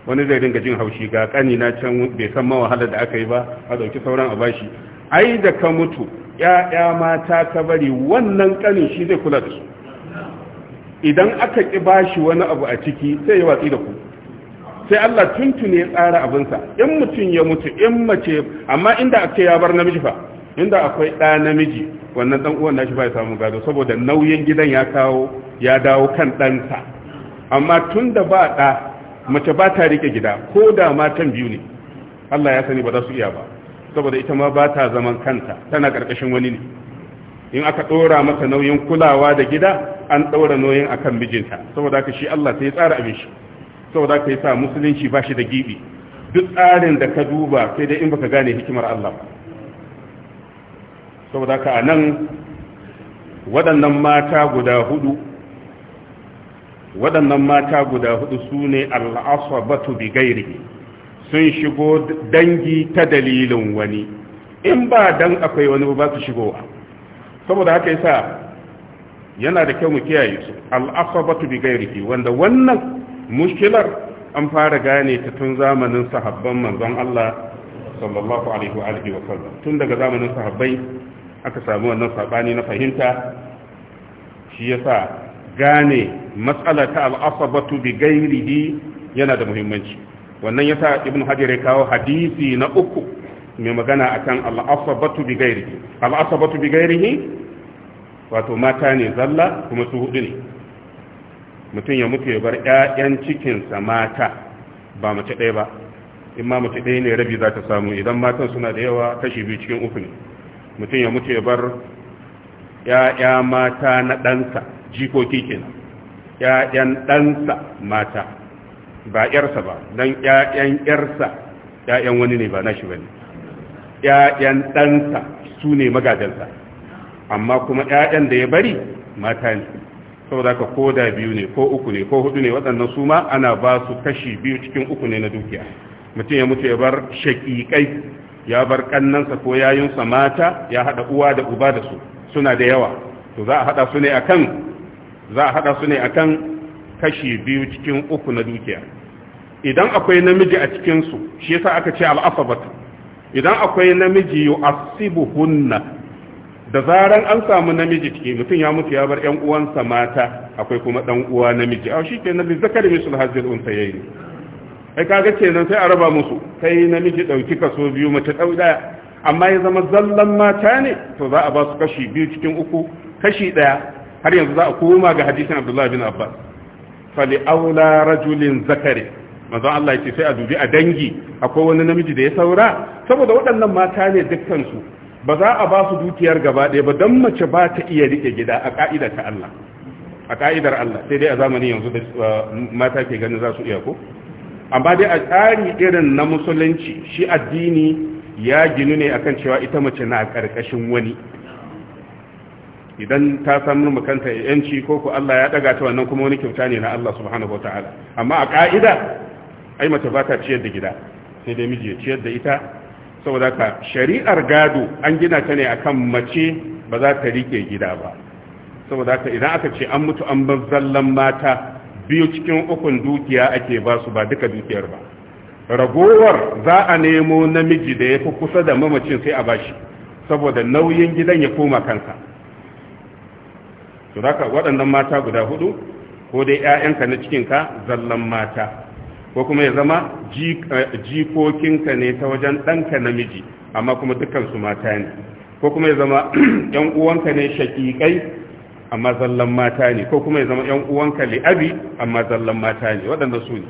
wani zai dinga jin haushi ga kani na can bai san mawahalar da aka yi ba a ɗauki sauran a shi ai da ka mutu 'ya'ya mata ka bari wannan ƙanin shi zai kula da su idan aka ƙi bashi wani abu a ciki sai yi watsi da ku sai Allah tuntune ya tsara abinsa in mutum ya mutu in mace amma inda ake ya bar namiji fa inda akwai ɗa namiji wannan ɗan uwan nashi ba ya samu gado saboda nauyin gidan ya kawo ya dawo kan ɗansa amma tun da ba ɗa mace ba ta rike gida ko da matan biyu ne Allah ya sani ba za su iya ba saboda ita ma ba ta zaman kanta tana ƙarƙashin wani ne in aka ɗora masa nauyin kulawa da gida an ɗora nauyin akan mijinta saboda haka shi Allah sai ya tsara abin shi saboda ka yi sa musulunci ba shi da gibi duk tsarin da ka duba sai dai in baka gane hikimar Allah ba saboda ka a nan waɗannan mata guda hudu waɗannan mata guda hudu su ne al'asabatu bi gairi sun shigo dangi ta dalilin wani in ba dan akwai wani ba su shigowa saboda haka yasa yana da kyau mu kiyaye su al'asabatu bi gairi wanda wannan mushkilar an fara gane ta tun zamanin sahabban manzon Allah sallallahu alaihi wa alihi wa sallam tun daga zamanin sahabbai aka samu wannan sabani na fahimta shi yasa gane matsala ta al'asabatu bi gairihi yana da muhimmanci wannan yasa ibnu hajar ya kawo hadisi na uku mai magana akan al'asabatu bi gairihi al'asabatu bi gairihi wato mata ne zalla kuma su hudu ne mutum ya mutu ya bar 'ya'yan cikinsa mata ba mace ɗaya ba in ma mace ɗaya ne rabi za ta samu idan matan suna da yawa kashi biyu cikin uku ne mutum ya mutu ya bar 'ya'ya mata na ɗansa jikoki kenan yayan ɗansa mata ba 'yarsa ba don 'ya'yan 'yarsa 'ya'yan wani ne ba nashi bane 'ya'yan ɗansa su ne magajansa. amma kuma 'ya'yan da ya bari mata ne saboda ka ko da biyu ne ko uku ne ko hudu ne waɗannan su ma ana ba su kashi biyu cikin uku ne na dukiya mutum ya mutu ya bar shaƙiƙai ya bar ƙannansa ko yayinsa mata ya haɗa uwa da uba da su suna da yawa to za a haɗa su ne akan za a haɗa su ne akan kashi biyu cikin uku na dukiya idan akwai namiji a cikin su shi yasa aka ce al'afabat idan akwai namiji yu'assibuhunna da zaran an samu namiji cikin mutum ya mutu ya bar yan uwansa mata akwai kuma dan uwa namiji a shikenan li zakari misul ya yi. ai kaga kenan sai a raba musu kai namiji dauki kaso biyu mace dau daya amma ya zama zallan mata ne to za a ba su kashi biyu cikin uku kashi ɗaya. har yanzu za a koma ga hadisin Abdullahi bin Abbas fali aula rajulin zakari manzon Allah ya ce sai a dubi a dangi akwai wani namiji da ya saura saboda waɗannan mata ne dukkan su ba za a ba su dukiyar gaba ɗaya ba don mace ba ta iya rike gida a ƙa'idar ta Allah a ka'idar Allah sai dai a zamani yanzu da uh, mata ke ganin za su iya ko amma dai a tsari irin na musulunci shi addini ya ginu ne akan cewa ita mace na ƙarƙashin wani idan ta samu makanta yanci ko ku Allah ya daga ta wannan kuma wani kyauta ne na Allah subhanahu wataala amma a ka'ida ai mace ba ta ciyar da gida sai dai miji ya ciyar da ita saboda ka shari'ar gado an gina ta ne akan mace ba za ta rike gida ba saboda ka idan aka ce an mutu an bar zallan mata biyu cikin ukun dukiya ake ba su ba duka dukiyar ba ragowar za a nemo namiji da ya fi kusa da mamacin sai a bashi saboda nauyin gidan ya koma kanka saboda ka waɗannan mata guda hudu ko dai 'ya'yanka na cikinka zallan mata ko kuma ya zama eh, jikokinka ne ta wajen ɗanka namiji amma kuma dukansu mata ne ko kuma ya zama ‘yan uwanka ne shaƙiƙai amma zallan mata ne ko kuma ya zama ‘yan uwanka li'abi amma zallan mata ne waɗanda su ne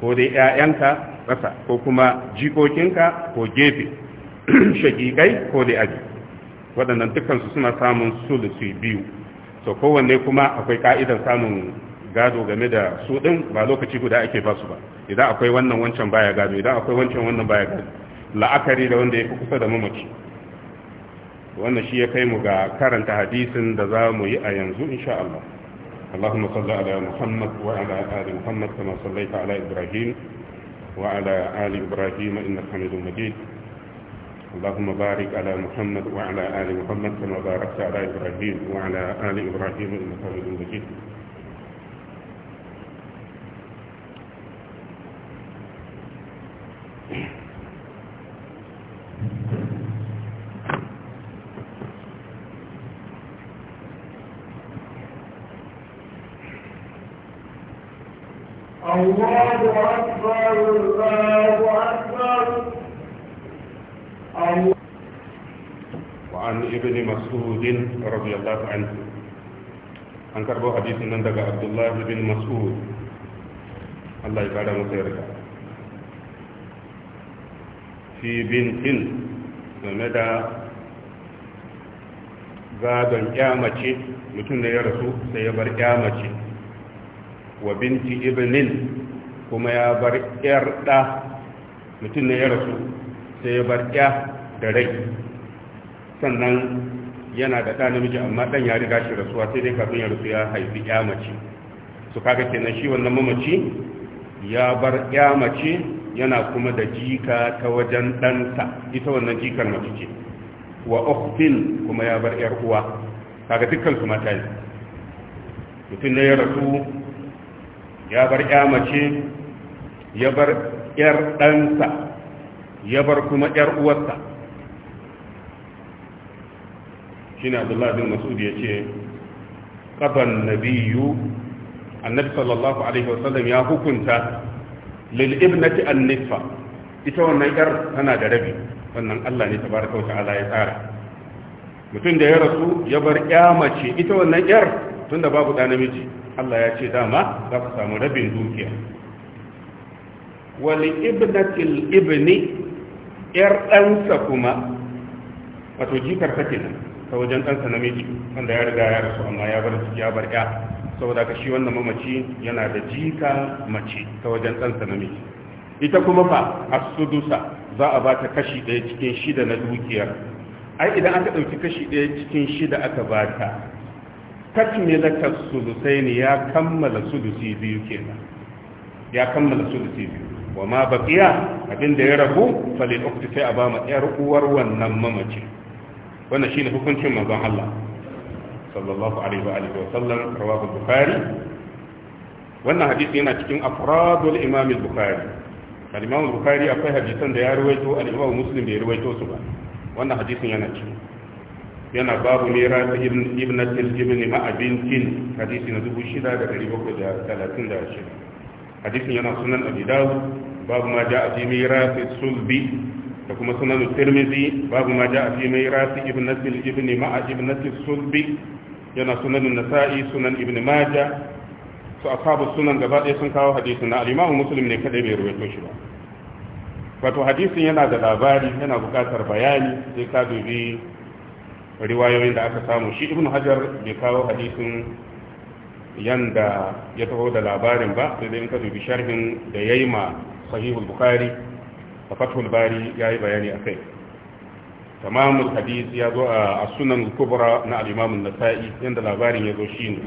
ko dai ‘ya'yanka ƙasa ko kuma jikokinka ko gefe shaƙiƙai ko li'abi waɗannan dukansu suna samun sulusi biyu so kowanne kuma akwai ka'idar samun gado game da su din ba lokaci guda ake ba su ba idan akwai wannan wancan baya gado idan akwai wancan wannan baya gado la'akari da wanda ya fi kusa da mamaci wannan shi ya kai mu ga karanta hadisin da za mu yi a yanzu insha Allah اللهم صل على محمد وعلى آل محمد كما صليت على إبراهيم وعلى آل إبراهيم إنك حميد مجيد اللهم بارك على محمد وعلى آل محمد كما باركت على إبراهيم وعلى آل إبراهيم إنك حميد مجيد an karbo hadisin nan daga abdullahi bin mas'ud Allah ya kada masa yarda fi bintin game da gadon kyamace mutum da ya rasu sai ya bar kyamace wa binti ibnin kuma ya bar yarda mutum da ya rasu sai ya bar ya da rai sannan yana da ɗa namiji amma ɗan ya riga shi rasuwa sai dai kafin ya rasu ya haifi ya mace su kaga kenan shi wannan mamaci ya bar ya mace yana kuma da jika ta wajen ɗanta ita wannan jikar mace ce wa ofin kuma ya bar yar uwa kaga dukkan su mata ne mutum ne ya rasu ya bar ya mace ya bar yar ɗansa ya bar kuma yar uwarsa shine abdullahi bin mas'ud ya ce kafan nabiyyu annabi sallallahu alaihi wasallam ya hukunta lil ibnati an ita wannan yar tana da rabi wannan Allah ne tabaraka wa ta'ala ya tsara mutum da ya rasu ya bar ya mace ita wannan yar da babu da namiji Allah ya ce dama za ku samu rabin dukiya wali ibnatil ibni yar ɗansa kuma wato jikar ta nan. ta wajen ɗansa namiji wanda ya riga ya rasu amma ya bar ya bar ya saboda ka shi wannan mamaci yana da jika mace ta wajen ɗansa namiji ita kuma fa a sudusa za a ba ta kashi ɗaya cikin shida na dukiyar ai idan aka ɗauki kashi ɗaya cikin shida aka ba ta takmilatar sudusai ne ya kammala sudusi biyu kenan ya kammala sudusi biyu wa ma baqiya abinda ya rabu falil ukti a ba ma yar uwar wannan mamaci wannan shine hukuncin manzon Allah sallallahu alaihi wa alihi wa sallam rawahu bukhari wannan hadisi yana cikin afradul imam bukhari al-imam bukhari akwai hadisan da ya ruwaito al-imam muslim bai ruwaito su ba wannan hadisin yana cikin yana babu mera ta ibn ibn ma'abintin hadisi na 6736 hadisin yana sunan abi dawud babu ma ja'a fi mera sulbi da kuma sunan tirmizi babu ma a fi rafi, ibn ibn ma'a ibn yana sunan nasa'i sunan ibn majah su ashabu sunan gaba ɗaya sun kawo hadisin na al-imamu muslim ne kadai bai ruwaito shi ba wato hadisin yana da labari yana buƙatar bayani sai ka dubi riwayoyin da aka samu shi ibn hajar bai kawo hadisin yanda ya taho da labarin ba sai dai in ka dubi sharhin da yayi ma sahihul bukhari da fathul bari ya yi bayani a kai tamamul hadis ya zo a sunan kubra na al'imamun nasa'i yadda labarin ya zo shi ne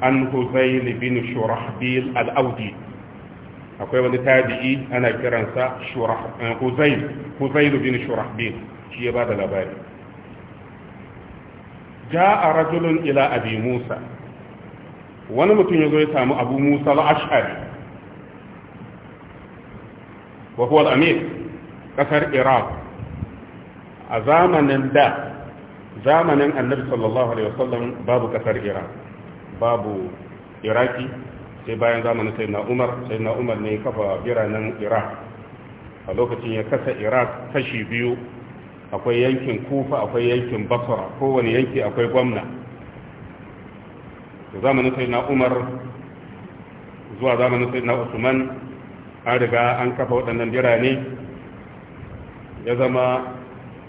an huzaili bin shurahbil al'audi akwai wani tabi'i ana kiransa eh, huzaili bin shurahbil shi ya ba da labari ja a rajulun ila abi musa wani mutum ya zo ya samu abu musa al'ashari wa huwa al-amir kasar iraq a zamanin da zamanin annabi sallallahu alaihi wasallam babu kasar iraq babu iraki sai bayan zamanin sai na umar sai na umar ne kafa biranen iraq a lokacin ya kasa iraq kashi biyu akwai yankin kufa akwai yankin basra kowane yanki akwai gwamna zamanin sai na umar zuwa zamanin sai na usman an riga an kafa waɗannan birane ya zama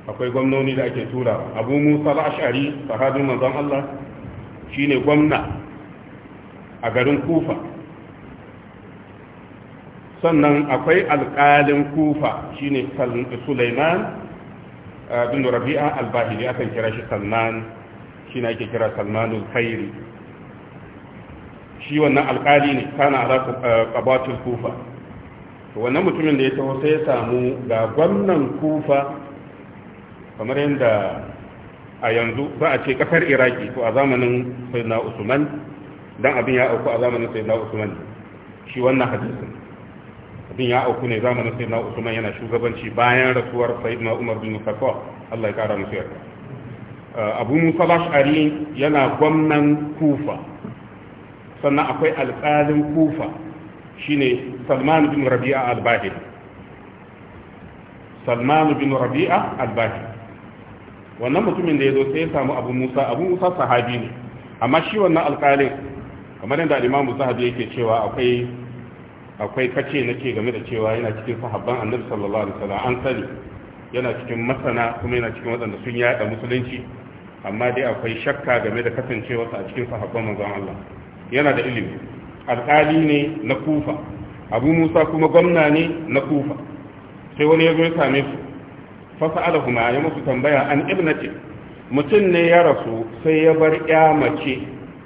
akwai gwamnoni da ake tura abu musa al'ashari sahabin manzon Allah shine gwamna a garin kufa sannan akwai alƙalin kufa shine suleiman eh, bin rabi'a al-bahili akan kira shi salman shine ake kira salmanul khairi shi wannan alƙali ne kana ala ƙabatun eh, kufa to wannan mutumin da ya taho sai ya samu ga gwamnan kufa kamar yadda a yanzu ba a ce kasar iraki to a zamanin sayyidina usman dan abin ya auku a zamanin sayyidina usman shi wannan hadisin abin ya auku ne zamanin sayyidina usman yana shugabanci bayan rasuwar sayyidina umar bin khattab Allah ya kara musu yarda uh, abu musa bashari yana gwamnan kufa sannan akwai alƙalin kufa shine salman bin rabi'a al bahir salman bin rabi'a al bahir wannan mutumin da ya zo sai ya samu abu musa abu musa sahabi ne amma shi wannan alƙalin kamar yadda al-imamu sahabi yake cewa akwai akwai kace nake game da cewa yana cikin sahabban annabi sallallahu alaihi wasallam an sani yana cikin masana kuma yana cikin waɗanda sun yaɗa musulunci amma dai akwai shakka game da kasancewarsa a cikin sahabban manzon Allah yana da ilimi alƙali ne na kufa abu musa kuma gwamna ne na kufa sai wani ya zo ya same su fasa alahuma ya musu tambaya an ibnati mutum ne ya rasu sai ya bar ya mace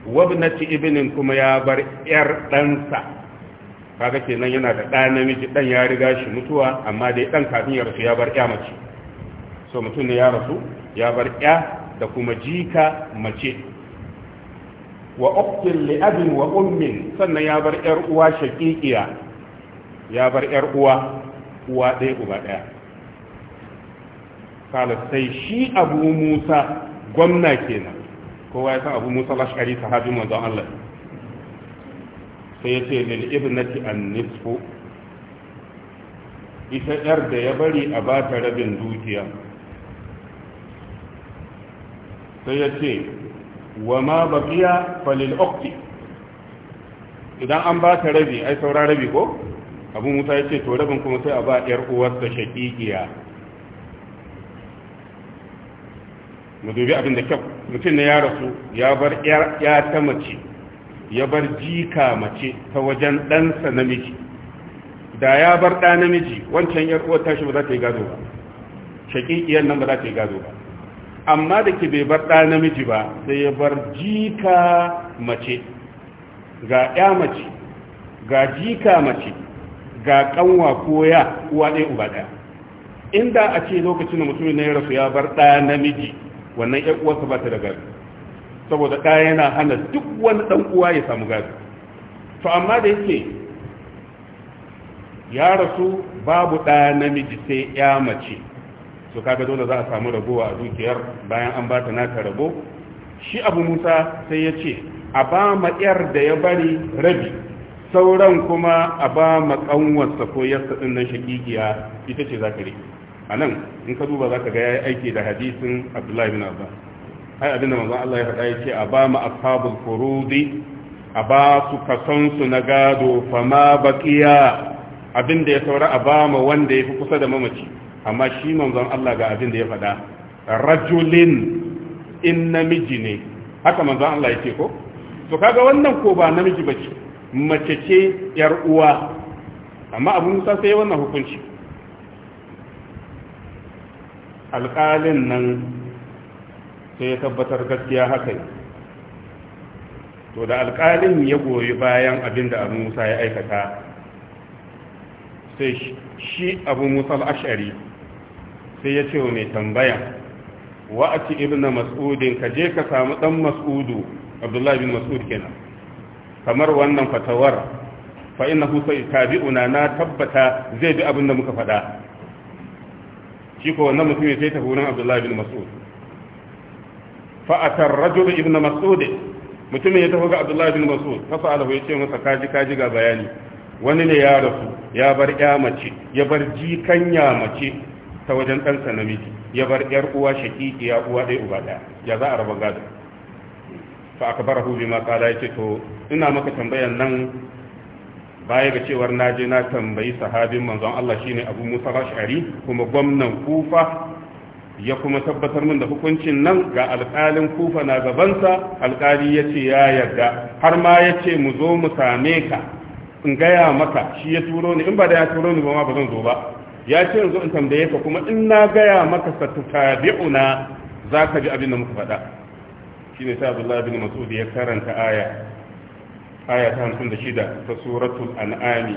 wabnati Ibinin kuma ya bar yar ɗansa kaga kenan yana da ɗa namiji ɗan ya riga shi mutuwa amma dai ɗan kafin ya rasu ya bar ya mace so mutum ne ya rasu ya bar ya da kuma jika mace wa uktin li abi wa ummi sannan ya bar yar uwa shaqiqiya ya bar yar uwa uwa ɗaya uba ɗaya kala sai shi abu musa gwamna kenan kowa ya san abu musa lashari sahabi manzon Allah sai yace lil ibnati an nisfu ita yar da ya bari a ba ta rabin dukiya sai ya ce wa ma baqiya falil okti idan an ba ta rabi ai saura rabi ko abu musa ya ce to rabin kuma sai a ba yar uwarsa shakikiya mu dubi abin da kyau mutum na ya rasu ya bar ya ta mace ya bar jika mace ta wajen ɗansa namiji da ya bar ɗa namiji wancan yar uwar tashi ba za ta yi gado ba shakikiyar nan ba za ta yi gado ba amma da ke bai bar ɗa namiji ba sai ya bar jika mace ga ya mace ga jika mace ga ƙanwa ko ya uwa ɗaya uba ɗaya inda a ce lokacin da mutumin na ya rasu ya bar ɗa namiji wannan ya uwarsa ba ta da gari saboda ɗa yana hana duk wani ɗan uwa ya samu gari. to amma da yake ya rasu babu ɗa namiji sai ya mace to kaga dole za a samu ragowa a dukiyar bayan an bata nata rabo shi abu musa sai ya ce a ba ma yar da ya bari rabi sauran kuma a ba ma kanwarsa ko yarsa din nan shakikiya ita ce zaka rike a nan in ka duba zaka ga yi aiki da hadisin abdullahi bin abbas ai abinda manzo Allah ya faɗa ya ce a ba ma ashabul furudi a ba su kason su na gado fama baqiya abinda ya saura a ba ma wanda ya fi kusa da mamaci amma shi manzon Allah ga abin da ya faɗa rajulin in namiji ne haka manzon Allah yake ko to kaga wannan ko ba namiji bace mace ce yar uwa amma abu musa sai wannan hukunci alƙalin nan sai ya tabbatar gaskiya haka to da alƙalin ya goyi bayan abin da abu musa ya aikata sai shi abu musa al-ashari. sai ya ce wa mai tambaya irin na mas'udin ka je ka samu ɗan mas'udu abdullahi bin mas'ud kenan kamar wannan fatawar fa innahu una na tabbata zai bi abin da muka faɗa shi ko wannan mutum sai ta wurin abdullahi bin mas'ud fa rajo da ibn mas'ud mutumin ya tafi ga abdullahi bin mas'ud fa sa'alahu ya ce masa kaji kaji ga bayani wani ne ya rasu ya bar ya mace ya bar jikan ya mace ta wajen ɗansa namiji ya bar ‘yar uwa shaƙiƙi ya uwa ɗaya uba ɗaya ya za a raba gado fa aka bar hubi ma kala ya ce to ina maka tambayan nan baya ga cewar na je na tambayi sahabin manzon Allah shine Abu Musa bashari kuma gwamnan Kufa ya kuma tabbatar min da hukuncin nan ga alƙalin Kufa na gabansa alƙali ya ce ya yarda har ma ya ce mu zo mu same ka in gaya maka shi ya turo ni in ba da ya turo ni ba ma ba zan zo ba ya ce yanzu in tambaye ka kuma in na gaya maka tutabi'una za ka ji abin da muka faɗa shi ne sai abdullahi bin mas'ud ya karanta aya aya ta hamsin da shida ta suratul an'ami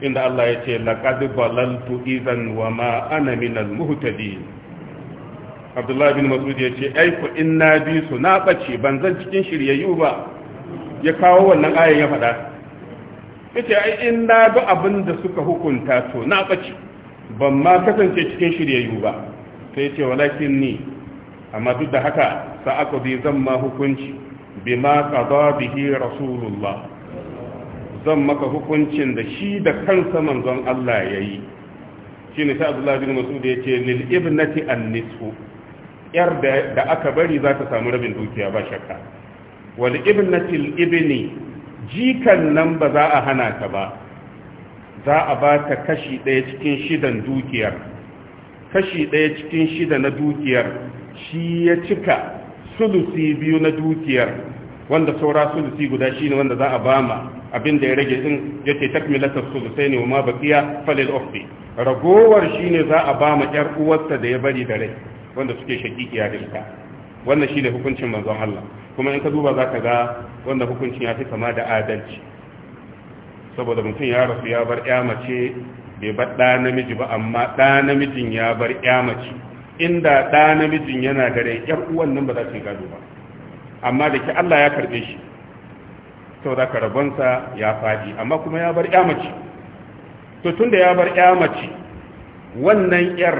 inda Allah ya ce laqad balaltu idan wa ma ana minal muhtadin abdullahi bin mas'ud ya ce ai ku in na bi su na bace ban zan cikin shiryayyu ba ya kawo wannan ayan ya faɗa yace ai in na ga abin da suka hukunta to na bace ban ma kasance cikin shiryayyu ba sai ce walakin ni amma duk da haka bi zan ma hukunci bi ma qada bihi rasulullah zan maka hukuncin da shi da kansa manzon Allah yayi shine sai Abdullah bin Mas'ud ce lil ibnati an-nisfu yar da aka bari za ta samu rabin dukiya ba shakka wal ibnati al-ibni jikan nan ba za a hana ta ba za a ba ta kashi ɗaya cikin shidan dukiyar kashi ɗaya cikin shida na dukiyar shi ya cika sulusi biyu na dukiyar wanda saura sulusi guda shi ne wanda za a ba ma abin da ya rage in yake takmilatar sulusai ne wa ma bakiya falil the. ragowar shi ne za a ba ma ƴar uwarsa da ya bari da rai wanda suke shakikiya da ita wannan shi ne hukuncin manzon Allah kuma in ka duba za ka ga wanda hukuncin ya fi kama da adalci saboda mutum ya rasu ya bar ya mace bai bar ɗa namiji ba amma ɗa namijin ya bar ya mace inda ɗa namijin yana gare yar uwan nan ba za su yi gado ba amma da ke Allah ya karɓe shi saboda ka rabonsa ya faɗi amma kuma ya bar ya mace to tunda ya bar ya mace wannan yar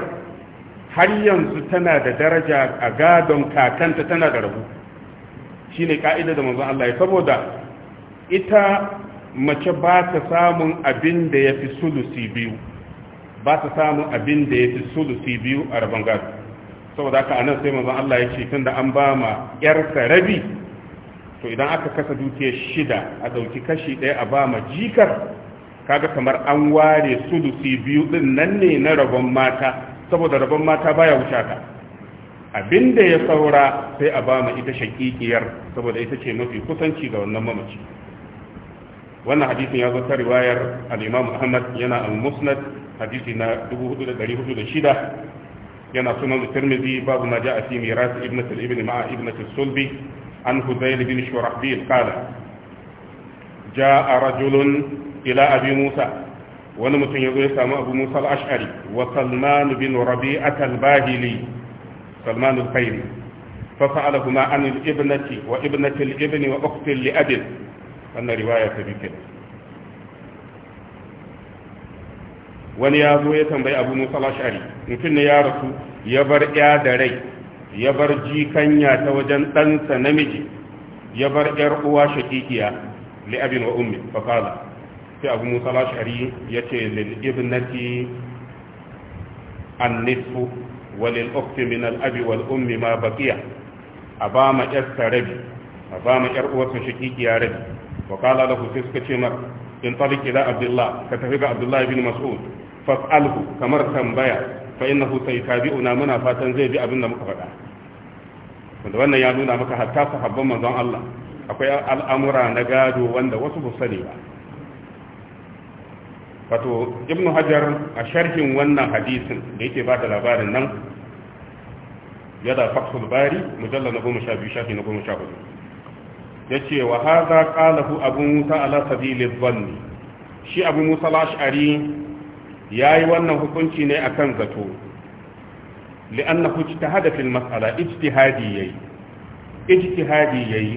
har yanzu tana da daraja a gadon kakanta tana da rabu shine ka'ida da manzon Allah saboda ita mace ba ta samun abin da ya fi sulusi biyu ba ta samun abin da ya fi sulusi biyu a rabon gado saboda aka anan sai mazan Allah ya ce tun da an ba ma yarsa rabi to idan aka kasa dukiyar shida a dauki kashi ɗaya a ba ma jikar kaga kamar an ware sulusi biyu din nan ne na rabon mata saboda rabon mata baya wuce ta da ya saura sai a ba ma ita shakikiyar saboda ita ce mafi kusanci ga wannan mamaci wannan hadisin ya zo ta riwayar al-Imam Ahmad yana al-Musnad hadisi na 4406 yana sunan Tirmidhi babu ma ja'a fi miras ibnat al-ibn ma'a ibnat al-sulbi an Hudayl bin Shurahbil qala ja'a rajulun ila abi Musa wani mutum ya zo ya samu Abu Musa al-Ash'ari wa Salman bin Rabi'at al-Bahili Salman al-Khayri فسألهما عن الابنة وابنة الابن وأخت لأبيه wannan riwaya ta bikin wani ya zo ya tambayi abu musa lashari mutum ne ya rasu ya bar ya da rai ya bar jikanya ta wajen ɗansa namiji ya bar ‘yar uwa shakikiya abin wa ummi fasala sai abu musa lashari ya ce lil lil'ibnati an nisfu walil ukti min al'abi wal ummi ma baqiya a ba ma ‘yarsa rabi a ba ma ‘yar uwarsa shakikiya rabi wa qala lahu suka ce mar in talik ila abdullah ka tafi ga abdullah ibn mas'ud fas'alhu kamar tambaya fa innahu na muna fatan zai bi abin da muka faɗa wanda wannan ya nuna maka hatta sahabban manzon Allah akwai al'amura na gado wanda wasu ba sani ba wato ibnu hajar a sharhin wannan hadisin da yake ba da labarin nan yana fakhul bari mujallar na goma sha biyu shafi na goma sha hudu yace wa hadha qalahu abu musa ala sabili dhanni shi abu musa al-ash'ari yayi wannan hukunci ne akan zato li'annahu ijtahada fil mas'ala ijtihadi yayi ijtihadi yayi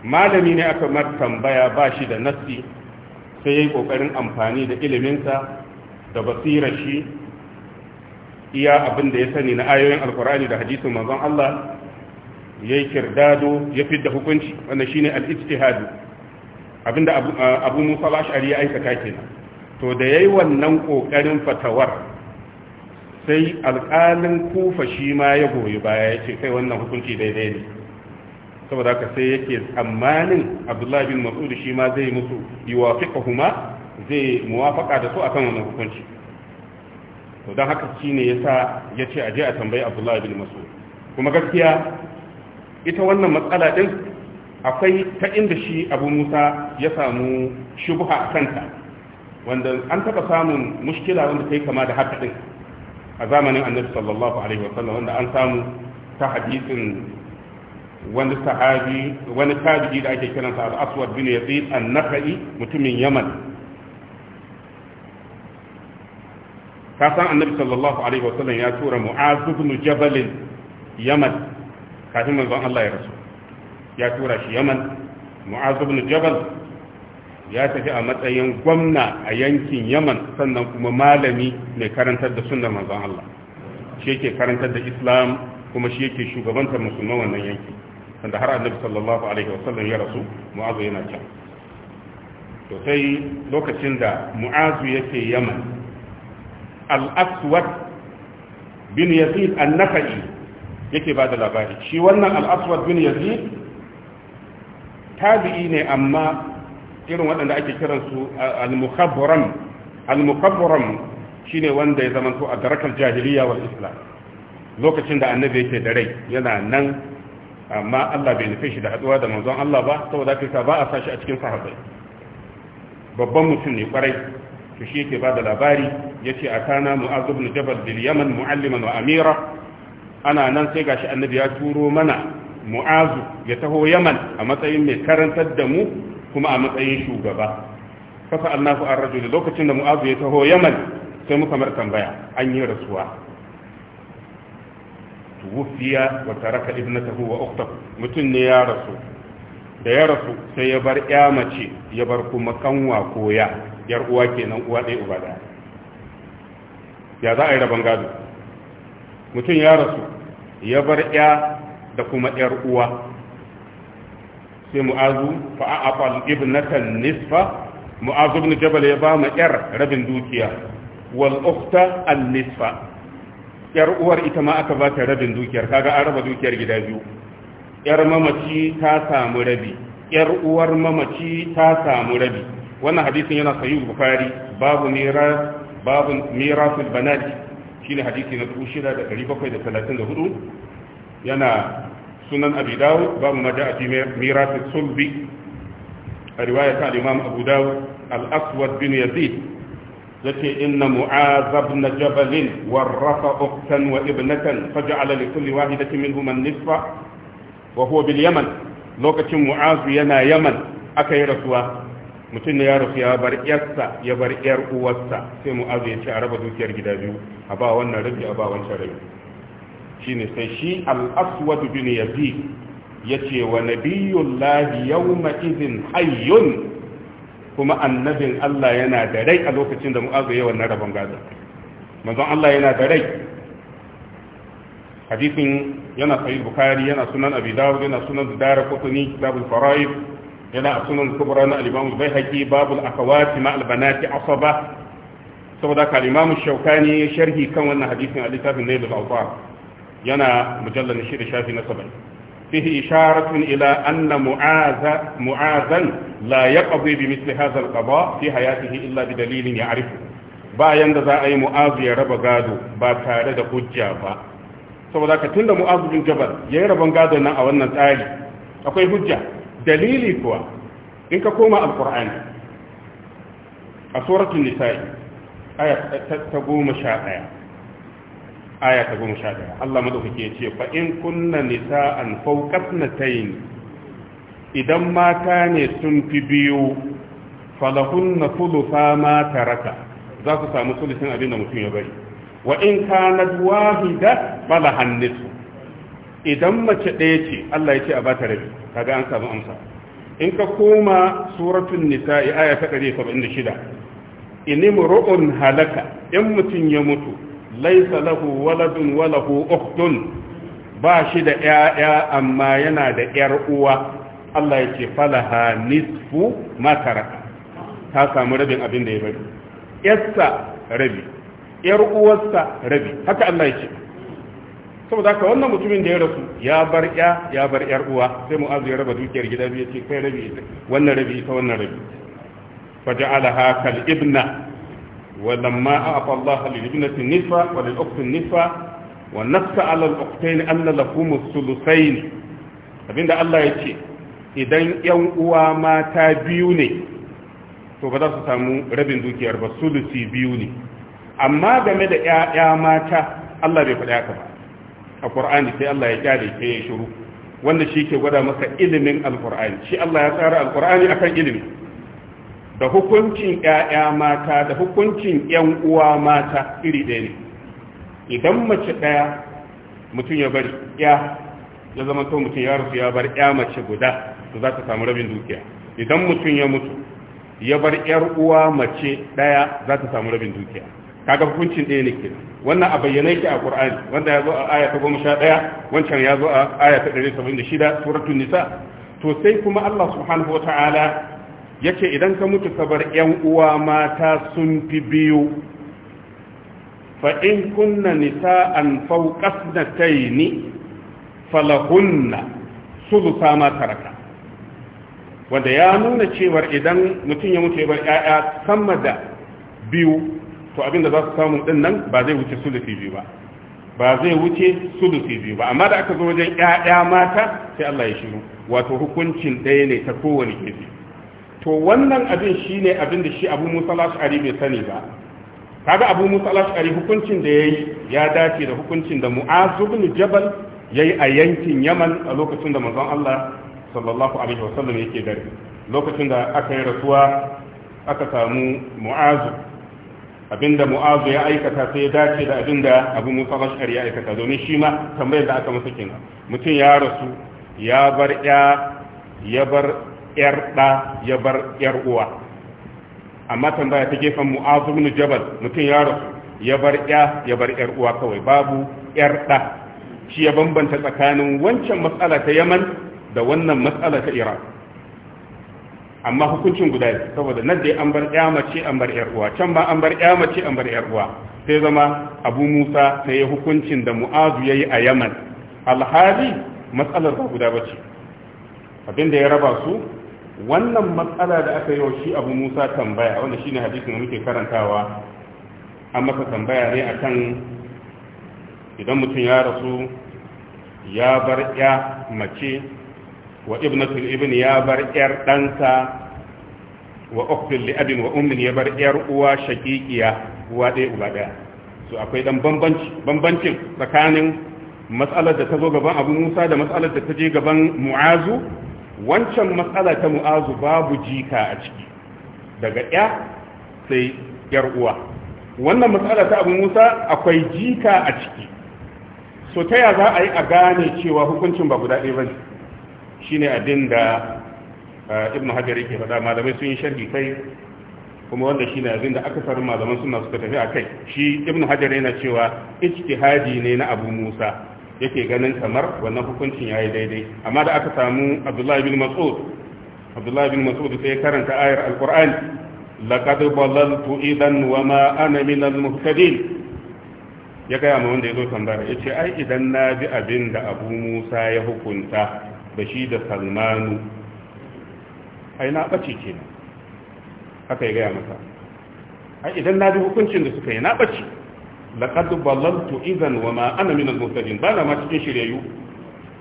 malami ne aka mar tambaya ba shi da nassi sai yayi kokarin amfani da iliminsa da basirar shi iya abin da ya sani na ayoyin alkur'ani da hadisin manzon Allah yayi kirdado ya fidda hukunci wannan shine al-ijtihad abinda abu musa al-ash'ari ya aikata kenan to da yayi wannan kokarin fatawar sai alƙalin kufa shi ma ya goyi baya ya ce kai wannan hukunci daidai ne saboda haka sai yake tsammanin abdullahi bin mas'ud shi ma zai musu yuwafiqahuma zai muwafaka da su akan wannan hukunci to don haka shine yasa yace aje a tambayi abdullahi bin mas'ud kuma gaskiya ita wannan matsala ɗin akwai ta inda shi abu musa ya samu a kanta wanda an taɓa samun mushkila wanda ta yi kama da haka ɗin a zamanin annabi sallallahu alaihi wasallam wanda an samu ta hadisin wani sahabi wani tabi'i da ake kiransa al-aswad bin yazid an-nakhai mutumin yaman ka san annabi sallallahu alaihi wasallam ya tura mu'az ibn jabal yaman kafin manzon Allah ya rasu ya tura shi yaman mu'az ibn jabal ya tafi a matsayin gwamna a yankin yaman sannan kuma malami mai karantar da sunnar manzon Allah shi yake karantar da islam kuma shi yake shugabantar musulman wannan yanki wanda har annabi sallallahu alaihi wasallam ya rasu mu'azu yana can to sai lokacin da mu'azu yake yaman al-aswad bin yazid an-nakhai yake ba da labari shi wannan al'aswad bin yazid tabi'i ne amma irin waɗanda ake kiransu al-mukhabbaram al-mukhabbaram shine wanda ya zamanto a darakar jahiliya wal islam lokacin da annabi yake da rai yana nan amma Allah bai nufe shi da haduwa da manzon Allah ba saboda haka ba a sashi a cikin sahabbai babban mutum ne kwarai to shi yake ba da labari yace atana mu'adh ibn jabal bil yaman mu'alliman wa amira ana nan sai gashi annabi ya turo mana mu'azu ya taho yaman a matsayin mai karantar da mu kuma a matsayin shugaba kafa annafu an rajul lokacin da mu'azu ya taho yaman sai muka mar tambaya an yi rasuwa tuwufiya wa taraka ibnatahu wa ukhtahu mutun ne ya rasu da ya rasu sai ya bar ya mace ya bar kuma kanwa koya yar uwa kenan uwa ɗaya uba ya za a yi rabon gado mutum ya rasu ya bar ya da kuma yar uwa sai mu'azu fa a'afa ibnatan nisfa mu'azu ibn jabal ya ba ma yar rabin dukiya wal ukhta an nisfa yar uwar ita ma aka ba ta rabin dukiyar kaga an raba dukiyar gida biyu yar mamaci ta samu rabi yar uwar mamaci ta samu rabi wannan hadisin yana sahih bukhari babu miras babu mirasul banati shine hadisi na 6734 yana sunan abi dawud babu ma ja'a fi mirath sulbi a riwaya ta abu dawud al-aswad bin yazid yace inna mu'az ibn jabal warrafa ukhtan wa ibnatan faj'ala li kulli wahidatin minhum an-nisfa wa huwa bil yaman lokacin mu'azu yana yaman aka yi rasuwa mutum ne ya rufu ya bar yarsa ya bar yar uwarsa sai mu'azu ya ce a raba dukiyar gida biyu a ba wannan rabi a ba wancan rabi shine sai shi al-aswad bin yazid yace wa lahi yawma idhin hayyun kuma annabin Allah yana da rai a lokacin da mu'azu ya wannan rabon gaza manzon Allah yana da rai hadisin yana sahih bukhari yana sunan abi dawud yana sunan daraqutni babul fara'id yana a sunan kubra na al babu al a babul akawati ma al-banati asaba saboda ka al-imam shaukani ya sharhi kan wannan hadisin a littafin nailul awtar yana mujallar shida shafi na 70 fihi isharatun ila anna mu'aza mu'azan la yaqdi bi mithli hadha al-qada fi hayatihi illa bi dalilin ya'rifu bayan da za a yi mu'azu ya raba gado ba tare da hujja ba saboda ka tunda mu'azu bin jabal yayi raban gado na a wannan tsari akwai hujja dalili kuwa in ka koma alkur'ani a suratun nisa'i aya ta goma sha ɗaya aya ta goma sha ɗaya Allah madaukake ce fa in kunna nisa'an fawqatnatayn idan mata ne sun fi biyu falahunna thulutha mata raka. za su samu sulusin abin da mutum ya bari wa in kanat wahida falahan nisfu idan mace ɗaya ce Allah ya ce a bata rabi kaga an samu amsa in ka koma suratul nisa'i aya ta 176 inimru'un halaka in mutun ya mutu laysa lahu waladun wa lahu ukhtun ba shi da 'ya'ya amma yana da 'yar uwa Allah ya ce falaha nisfu ma taraka ta samu rabin abin da ya bari yarsa rabi 'yar uwarsa rabi haka Allah ya ce saboda haka wannan mutumin da ya rasu ya bar ya ya bar yar uwa sai mu'azu ya raba dukiyar gida biyu ce kai rabi ita wannan rabi ita wannan rabi Fa faja'alaha kal ibna wa lamma a'ata Allah lil ibnati nisfa wa lil ukhti nisfa wa nafsa 'ala al ukhtayn anna lakum thuluthayn abinda Allah yake idan yan uwa mata biyu ne to ba za su samu rabin dukiyar ba sulusi biyu ne amma game da 'ya'ya mata Allah bai faɗi haka ba a ƙwar'ani sai Allah ya kyale ke ya shiru wanda shi ke gwada maka ilimin alƙwar'ani shi Allah ya tsara a akan ilimi da hukuncin 'ya'ya mata da hukuncin 'yan uwa mata iri ɗaya ne idan mace ɗaya mutum ya bari ya ya zama to mutum ya rasu ya bar ya mace guda to za ta samu rabin dukiya idan mutum ya mutu ya bar yar uwa mace ɗaya, za ta samu rabin dukiya kaga hukuncin ɗaya ne kenan wannan a bayyane ki a Qur'ani wanda ya zo a aya ta 11 wancan ya zo a aya ta 176 suratul nisa to sai kuma Allah subhanahu wataala yake idan ka mutu ka bar 'yan uwa mata sun fi biyu fa in kunna nisa'an fawqasnatayn falahunna sulusa ma taraka wanda ya nuna cewar idan mutum ya mutu ya bar ƴaƴa sama da biyu to abin da za su samu din nan ba zai wuce sulufi biyu ba ba zai wuce sulufi biyu ba amma da aka zo wajen ƴaƴa mata sai Allah ya shiru wato hukuncin ɗaya ne ta kowane gefe to wannan abin shine abin da shi Abu Musa al-Ash'ari bai sani ba kaga Abu Musa al-Ash'ari hukuncin da yayi ya dace da hukuncin da Mu'az ibn Jabal yayi a yankin Yaman a lokacin da manzon Allah sallallahu alaihi wasallam yake gari lokacin da aka yi rasuwa aka samu Mu'az abinda mu'azu ya aikata sai ya dace da abinda abu musa bashar ya aikata domin shi ma tambayar da aka masa kenan mutum ya rasu ya bar ya ya bar yar da ya bar yar uwa amma tambaya ta gefen mu'azu ibn jabal mutum ya rasu ya bar ya ya bar yar uwa kawai babu yar da shi ya bambanta tsakanin wancan matsala ta yaman da wannan matsala ta iraq amma hukuncin guda ne saboda nan dai an bar mace an bar ƴar uwa can ma an bar mace an bar uwa sai zama abu musa ta yi hukuncin da mu'azu yi a yaman alhali matsalar ba guda bace abin da ya raba su wannan matsala da aka yi wa shi abu musa tambaya wanda shine hadisin da muke karantawa an masa tambaya ne akan idan mutum ya rasu ya bar ya mace wa ibnatul ibn ya bar yar ɗansa wa uktul li abin wa ummin ya bar yar uwa shaqiqiya uwa ɗaya uba ɗaya so akwai dan bambanci bambancin tsakanin mas'alar da ta zo gaban Abu Musa da mas'alar da ta je gaban Mu'azu wancan mas'ala ta Mu'azu babu jika a ciki daga ya sai yar uwa wannan mas'ala ta Abu Musa akwai jika a ciki so ta ya za a yi a gane cewa hukuncin ba guda ɗaya bane shine abin da eh, ibn hajar yake faɗa malamai sun yi sharhi kai kuma wanda shine abin da aka faru malaman suna suka tafi a kai shi ibn hajar yana cewa ijtihadi ne na abu musa yake ganin kamar wannan hukuncin yayi daidai amma da aka samu abdullahi bin mas'ud abdullahi bin mas'ud sai karanta ayar alqur'ani laqad dalaltu idan wa ma ana min al ya gaya amma wanda ya zo tambaya ya ce ai idan na bi abin da abu musa ya hukunta da shi da salmanu ai na ɓace kenan haka ya gaya masa ai idan na ji hukuncin da suka yi na ɓace laqad balaltu idan wa ma ana min al-muhtadin Bala ma cikin shiryayu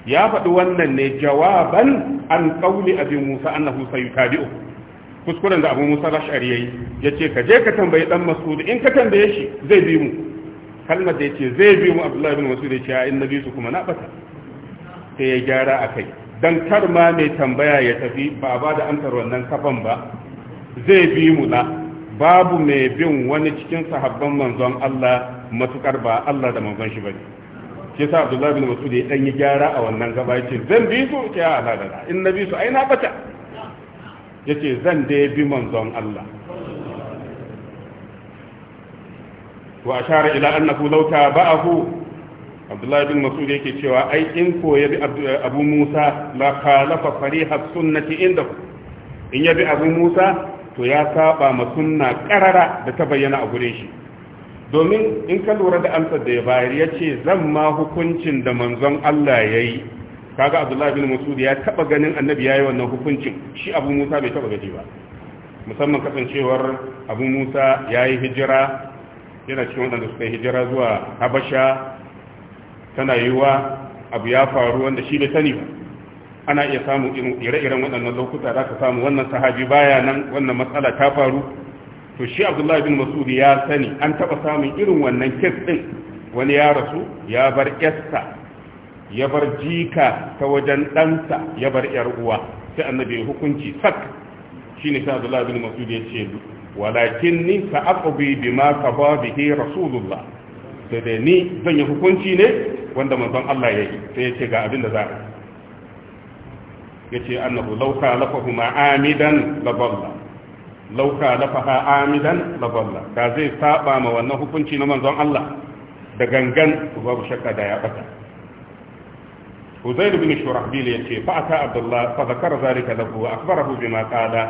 ya faɗi wannan ne jawaban an qawli abi musa annahu sayutabi'u kuskuren da abu musa rashari yayi yace ka je ka tambayi dan masud in ka tambaye shi zai bi mu kalmar da yace zai bi mu abdullahi ibn masud yace ya in bi su kuma na bata sai ya gyara akai don kar ma mai tambaya ya tafi ba a ba da amsar wannan kafan ba zai bi mu na babu mai bin wani cikin sahabban manzon Allah matukar ba Allah da manzon shi bane shi yasa Abdullahi bin Mas'ud ya dan yi gyara a wannan gaba yace zan bi su ke a halala in na su ai na bata yace zan da bi manzon Allah wa ashara ila annahu law tabahu abdullahi bin masud yake cewa ai in ko ya bi abu musa la khalafa fariha sunnati inda in ya bi abu musa to ya saba ma sunna karara da ta bayyana a gure shi domin in ka lura da amsar da ya bayar ya ce zan ma hukuncin da manzon Allah ya yi kaga abdullahi bin masud ya taba ganin annabi ya yi wannan hukuncin shi abu musa bai taba gaji ba musamman kasancewar abu musa ya yi hijira yana cikin waɗanda suka yi hijira zuwa habasha tana yiwuwa abu ya faru wanda shi bai sani ba ana iya samun ire-iren waɗannan lokuta za ka samu wannan sahabi baya nan wannan matsala ta faru to shi abdullahi bin masudi ya sani an taɓa samun irin wannan kes ɗin wani ya rasu ya bar yasta ya bar jika ta wajen ɗansa ya bar yar uwa sai annabi hukunci sak shi ne sai abdullahi bin masudi ya ce walakin ni sa'aqbi bima qada bihi rasulullah Daidai ni zan yi hukunci ne wanda manzon Allah ya yi sai ya ce ga abin da za a ya ce annahu lauka lafa lafahu amidan laballa lauka lafa lafaha amidan laballa da zai saba ma wannan hukunci na manzon Allah da gangan babu shakka da ya bata Uzair bin Shurahbil ya ce fa'ata Abdullah fa zakara zalika lahu wa akhbarahu bima qala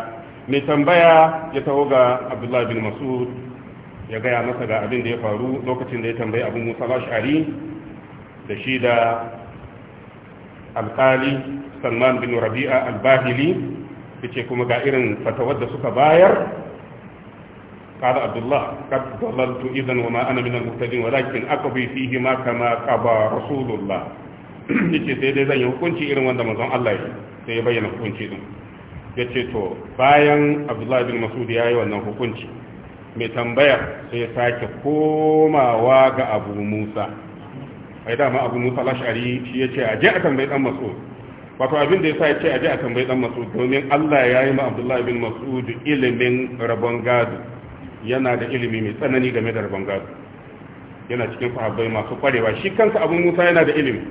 mai tambaya ya tawo ga Abdullah bin Mas'ud ya gaya masa ga abin da ya faru lokacin da ya tambayi abu musa bashari da shi da alkali salman bin rabi'a albahili ya ce kuma ga irin fatawar da suka bayar قال عبد الله قد ضللت اذا وما انا من المهتدين ولكن fi فيهما كما قضى رسول الله yace sai dai zan yi hukunci irin wanda mazan Allah ya sai ya bayyana hukunci din ce to bayan Abdullah bin Mas'ud ya yi wannan hukunci mai tambaya sai ya sake komawa ga abu musa ai dama abu musa lashari shi ya ce a je a tambayi dan mas'ud wato abin da ya sa ya ce a je a tambayi dan mas'ud domin allah ya yi ma abdullahi bin Mas'udu ilimin rabon gado yana da ilimi mai tsanani game da rabon gado yana cikin sahabbai masu kwarewa shi kansa abu musa yana da ilimi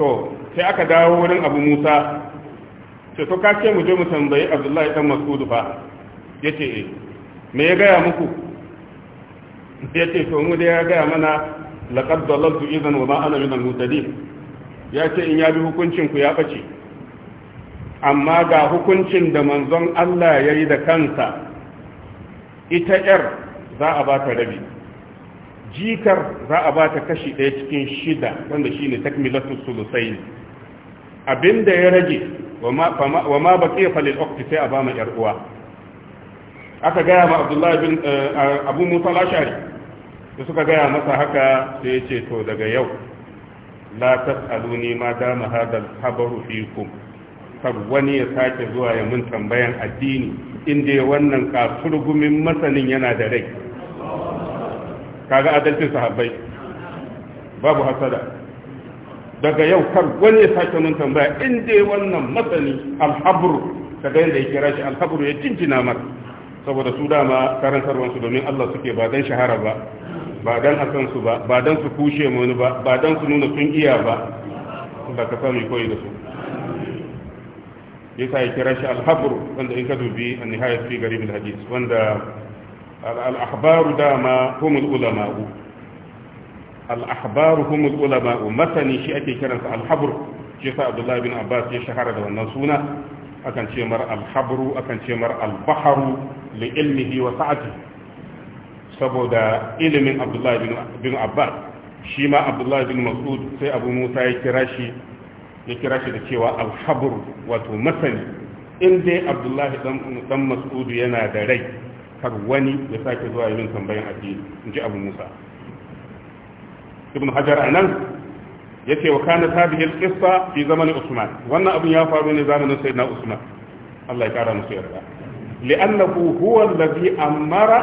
to sai aka dawo wurin abu musa sai to ka ce mu je mu tambayi abdullahi dan masudu fa ya ce eh me ya gaya muku ya to mu da ya gaya mana laqad dalaltu idan wa ma ana min al-mutadin ya ce in ya bi hukuncin ku ya bace amma ga hukuncin da manzon Allah ya yi da kansa ita yar za a ba ta rabi jikar za a ba ta kashi ɗaya cikin shida wanda shi ne takmilatu sulusai abinda ya rage wa ma baƙi falil okti sai a ba ma uwa aka gaya ma abdullahi bin eh, eh, abu musa lashari da suka gaya masa haka sai ya ce to daga yau la tas'aluni ma dama hadal habaru fikum kar wani ya sake zuwa ya mun tambayan addini inda wannan gumin masanin yana da rai kaga adalcin sahabbai babu hasada daga yau kar wani ya sake mun tambaya inda wannan masani alhabru kaga yadda ya kira shi alhabru ya cincina maka saboda su dama karantarwansu domin Allah suke ba don shahara ba ba don asansu ba ba don su kushe wani ba ba don su nuna sun iya ba da ka sami koyi da su ya sa ya kira shi alhabru wanda in ka dubi a nihayar fi gari bil hadis wanda al'ahbaru dama humul ulama'u al'ahbaru humul ulama'u masani shi ake kiransa alhabru shi sa abdullahi bin abbas ya shahara da wannan suna akan ce mar alhabru akan ce mar albaharu li ilmihi wa sa'ati saboda ilimin abdullahi bin abbas shi ma abdullahi bin mas'ud sai abu musa ya kira shi ya kira shi da cewa alhabru wato masani in dai abdullahi dan mas'ud yana da rai kar wani ya sake zuwa yin tambayin addini in ji abu musa ibn hajar anan yace wa kana tabihi al-qissa fi zamanin Usman wannan abin ya faru ne zamanin sayyidina Usman Allah ya kara musu yarda li'annahu huwa allazi amara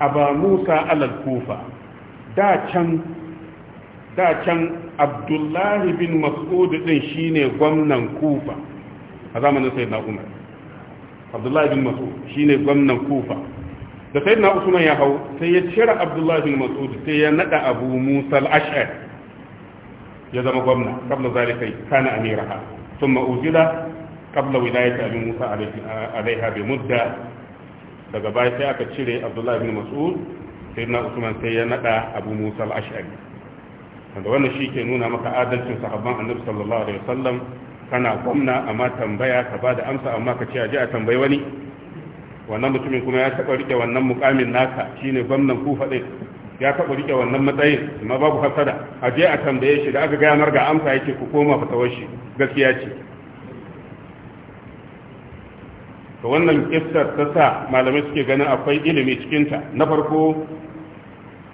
aba Musa alal kufa da can da can Abdullahi bin Mas'ud din shine gwamnan Kufa a zamanin sayyidina Umar Abdullahi bin Mas'ud shine gwamnan Kufa da sayyidina Usman ya hau sai ya cire Abdullahi bin Mas'ud sai ya nada Abu Musa al-Ash'ari ya zama gwamna kabla zalika kana amiraha tun uzila kabla wilayata abin musa alaiha mudda daga baya sai aka cire abdullahi bin mas'ud sayyidina usman sai ya nada abu musa al wanda wannan shi ke nuna maka adalcin sahabban annabi sallallahu alaihi wasallam kana gwamna amma tambaya ka ba da amsa amma ka ce a ji a tambayi wani wannan mutumin kuma ya taɓa rike wannan mukamin naka shine gwamnan ku ɗin ya taɓa rike wannan matsayin amma babu hasada a je a tambaye shi da aka gaya ga amsa yake ku koma fatawar shi gaskiya ce to wannan kistar ta sa malamai suke ganin akwai ilimi cikinta na farko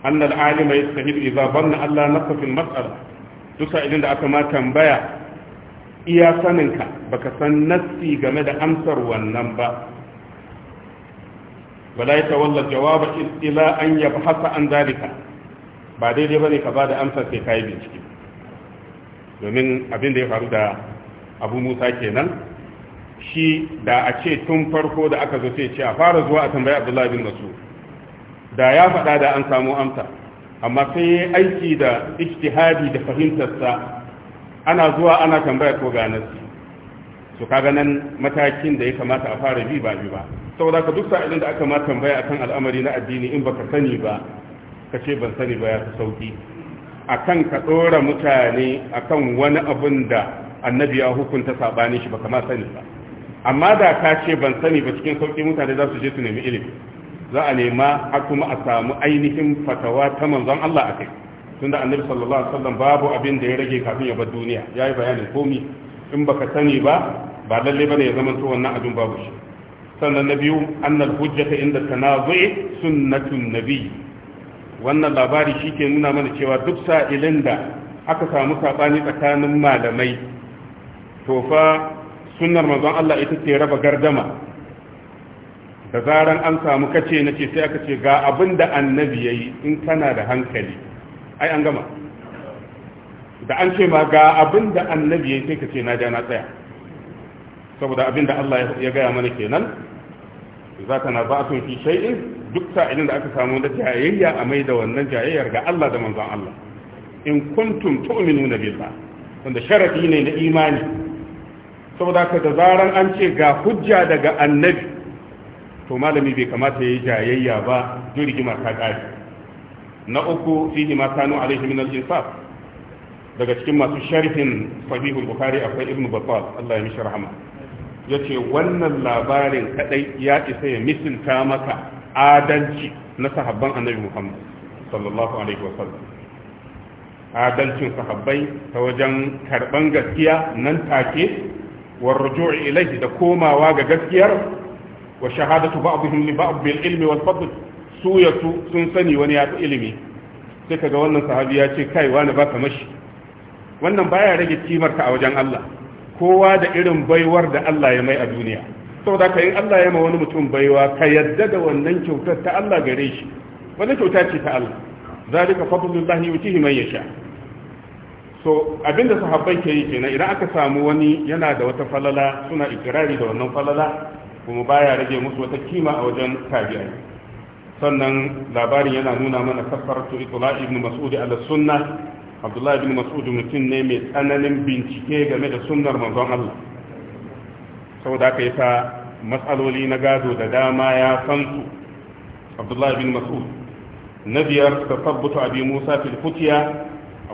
an al'alima ya idza banna Allah nafsa fil mas'ala duk idan da aka ma tambaya iya saninka baka san nassi game da amsar wannan ba wala yatawalla jawaba ila an yabhasa an zalika ba daidai bane ka bada amsa sai kai bincike domin abin da ya faru da Abu Musa kenan shi da a ce tun farko da aka zo sai ce a fara zuwa a tambayi Abdullahi bin Mas'ud da ya faɗa da an samu amsa amma sai ya aiki da ijtihadi da fahimtarsa ana zuwa ana tambaya ko ganarsa to kaga nan matakin da ya kamata a fara bi ba bi ba saboda ka duk sa'ilin da aka ma tambaya akan al'amari na addini in baka sani ba ka ce ban sani ba ya fi sauki akan ka dora mutane akan wani abun da annabi ya hukunta sabani shi baka ma sani ba amma da ka ce ban sani ba cikin sauki mutane za su je su nemi ilimi za a nema a kuma a samu ainihin fatawa ta manzon Allah akai tunda annabi sallallahu alaihi wasallam babu abin da ya rage kafin ya bar duniya yayi bayanin komi in ka sani ba ba lalle bane ya zama to wannan abin babu shi sannan na biyu annal hujjata inda tanazu'i sunnatun nabi wannan labari shi ke nuna mana cewa duk sa'ilin da aka samu sabani tsakanin malamai to fa sunnar manzon Allah ita ce raba gardama da zaran an samu kace nace sai aka ce ga abin da annabi ya yi in kana da hankali ai an gama da an ce ma ga abin da annabi ya sai ka ce na ja na tsaya saboda abin da Allah ya gaya mana kenan za ka na ba a sai in duk sa'ilin da aka samu da jayayya a mai da wannan jayayyar ga Allah da manzon Allah in kuntum tu'minuna billah wanda sharadi ne na imani saboda ka da zaran an ce ga hujja daga annabi to malami bai kamata ya yi jayayya ba jirgin ta kare na uku fihi ma kanu alaihi min al-insaf daga cikin masu sharhin sahihul bukhari akwai ibnu battal Allah ya mishi rahama yace wannan labarin kadai ya isa ya misinta maka adalci na sahabban annabi Muhammad sallallahu alaihi wasallam adalcin sahabbai ta wajen karban gaskiya nan take war ruju'i ilayhi da komawa ga gaskiyar wa shahadatu ba'dihim li ba'd bil ilmi wal fadl su sun sani wani ya ilimi sai kaga wannan sahabi ya ce kai wani ba ka mashi wannan baya rage kimarta a wajen Allah kowa da irin baiwar da Allah ya mai a duniya saboda ka in Allah ya ma wani mutum baiwa ka yadda da wannan kyautar ta Allah gare shi wannan kyauta ce ta Allah zalika fadlullahi yutihi man yasha so abinda sahabbai ke yi kenan idan aka samu wani yana da wata falala suna ikirari da wannan falala kuma baya rage musu wata kima a wajen tabi'ai sannan labarin yana nuna mana kafaratu itla ibn mas'ud al sunnah abdullahi bin mas'ud mutum ne mai tsananin bincike game da sunnar manzon Allah saboda yi yasa matsaloli na gado da dama ya san su abdullahi bin mas'ud na biyar tasabbutu abi musa fil futiya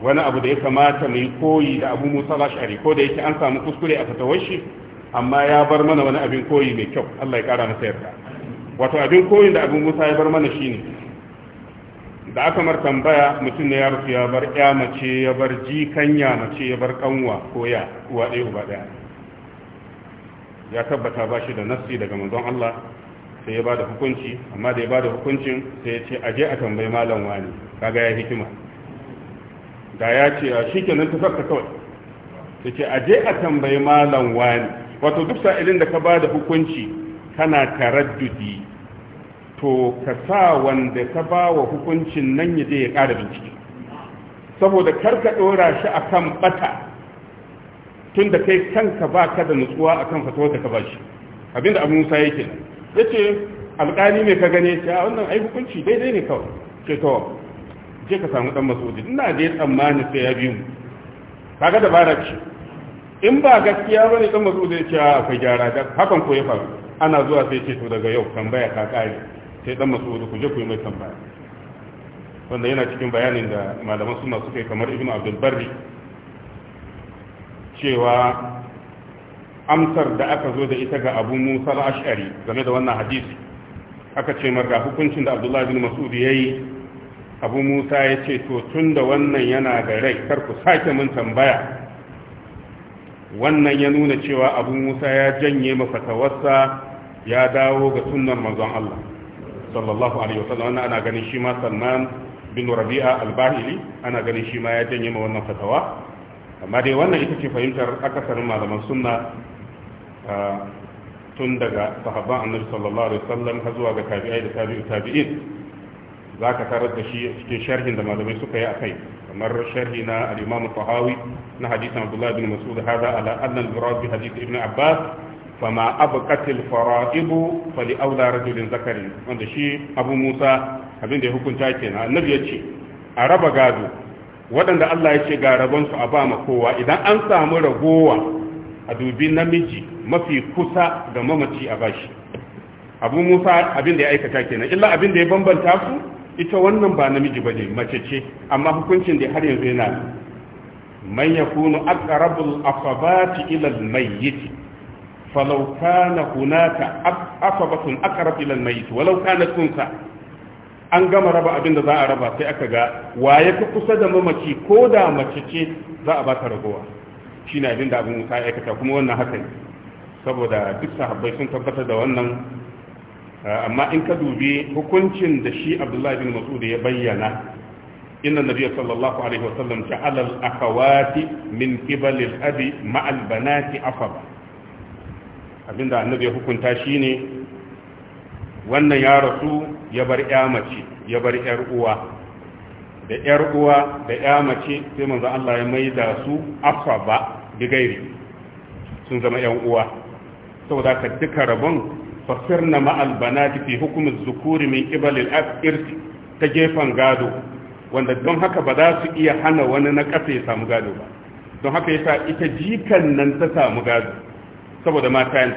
wani abu da ya kamata mai koyi da abu musa lashari ko da yake an samu kuskure a fatawar shi amma ya bar mana wani abin koyi mai kyau Allah ya kara masa yarda wato abin koyin da abu musa ya bar mana shine da aka mar tambaya mutum ne ya rufu ya bar ya mace ya bar jikan ya mace ya bar kanwa ko ya uwa ɗaya uba ɗaya ya tabbata ba shi da nasi daga manzon Allah sai ya ba da hukunci amma da ya ba da hukuncin sai ya ce aje a tambayi malam wani kaga ya hikima da ya ce a shi kenan tafarka kawai sai ce aje a tambayi malam wani wato duk sa'ilin da ka ba da hukunci kana taraddudi to ka sa wanda ka ba wa hukuncin nan ya je ya ƙara bincike saboda kar ka ɗora shi a kan ɓata tun da kai kanka ba ka da nutsuwa a kan fatawar da ka ba shi abinda abu musa yake nan ya ce alƙali mai ka gane ce a wannan ai hukunci daidai ne kawai ce to je ka samu ɗan masoji ina da ya tsammani sai ya biyu ga dabara ce in ba gaskiya ne ɗan masoji ya ce akwai gyara hakan ko ya faru ana zuwa sai ce to daga yau tambaya ka kare sai dan masu ku je ku yi mai tambaya wanda yana cikin bayanin da malaman suna suka yi kamar ibn abdul barri cewa amsar da aka zo da ita ga abu musa ash'ari game da wannan hadisi aka ce marga hukuncin da abdullahi bin mas'ud ya yi abu musa ya ce to tun da wannan yana da rai kar ku sake mun tambaya wannan ya nuna cewa abu musa ya janye mafatawarsa ya dawo ga sunnar manzon allah sallallahu alaihi wasallam wannan ana ganin shi ma Salman bin Rabi'a al-Bahili ana ganin shi ma ya janye ma wannan fatawa amma dai wannan ita ce fahimtar akasarin malaman sunna tun daga sahabban annabi sallallahu alaihi wasallam har zuwa ga tabi'ai da tabi'u tabi'in zaka tarar da shi cikin sharhin da malamai suka yi akai kamar sharhi na al-Imam Tahawi na hadisin Abdullah bin Mas'ud hada ala anna al-murad bi hadith Ibn Abbas fama abqatil fara'ibu fali aula rajulin zakarin wanda shi abu musa abin da ya hukunta kenan annabi ya ce a raba gado waɗanda Allah ya ce ga rabonsu a ba ma kowa idan an samu ragowa a dubi namiji mafi kusa ga mamaci a bashi abu musa abin da ya aikata kenan illa abin da ya bambanta su ita wannan ba namiji bane mace ce amma hukuncin da har yanzu yana man yakunu aqrabul afabati ila al mayyit falau kana hunaka asabatun aqrab ila almayt walau kana tunsa an gama raba abin da za a raba sai aka ga waye ka kusa da mamaci ko da mace ce za a baka ragowa shine abin da abin musa ya aikata kuma wannan haka ne saboda duk sahabbai sun tabbatar da wannan amma in ka dubi hukuncin da shi abdullahi bin mas'ud ya bayyana inna nabiyya sallallahu alaihi sallam, ja'ala al-akhawati min qibali al-abi ma'a al-banati afaba abinda annabi ya hukunta shine wannan ya rasu ya bar ya ya bar yar uwa da yar uwa da ya mace sai manzo Allah ya mai da su afaba bigairi sun zama yan uwa saboda ka duka rabon fasirna ma'al banati fi hukumin zukuri min al irsi ta gefen gado wanda don haka ba za su iya hana wani na ƙasa ya samu gado ba don haka yasa ita jikan nan ta samu gado saboda mata ne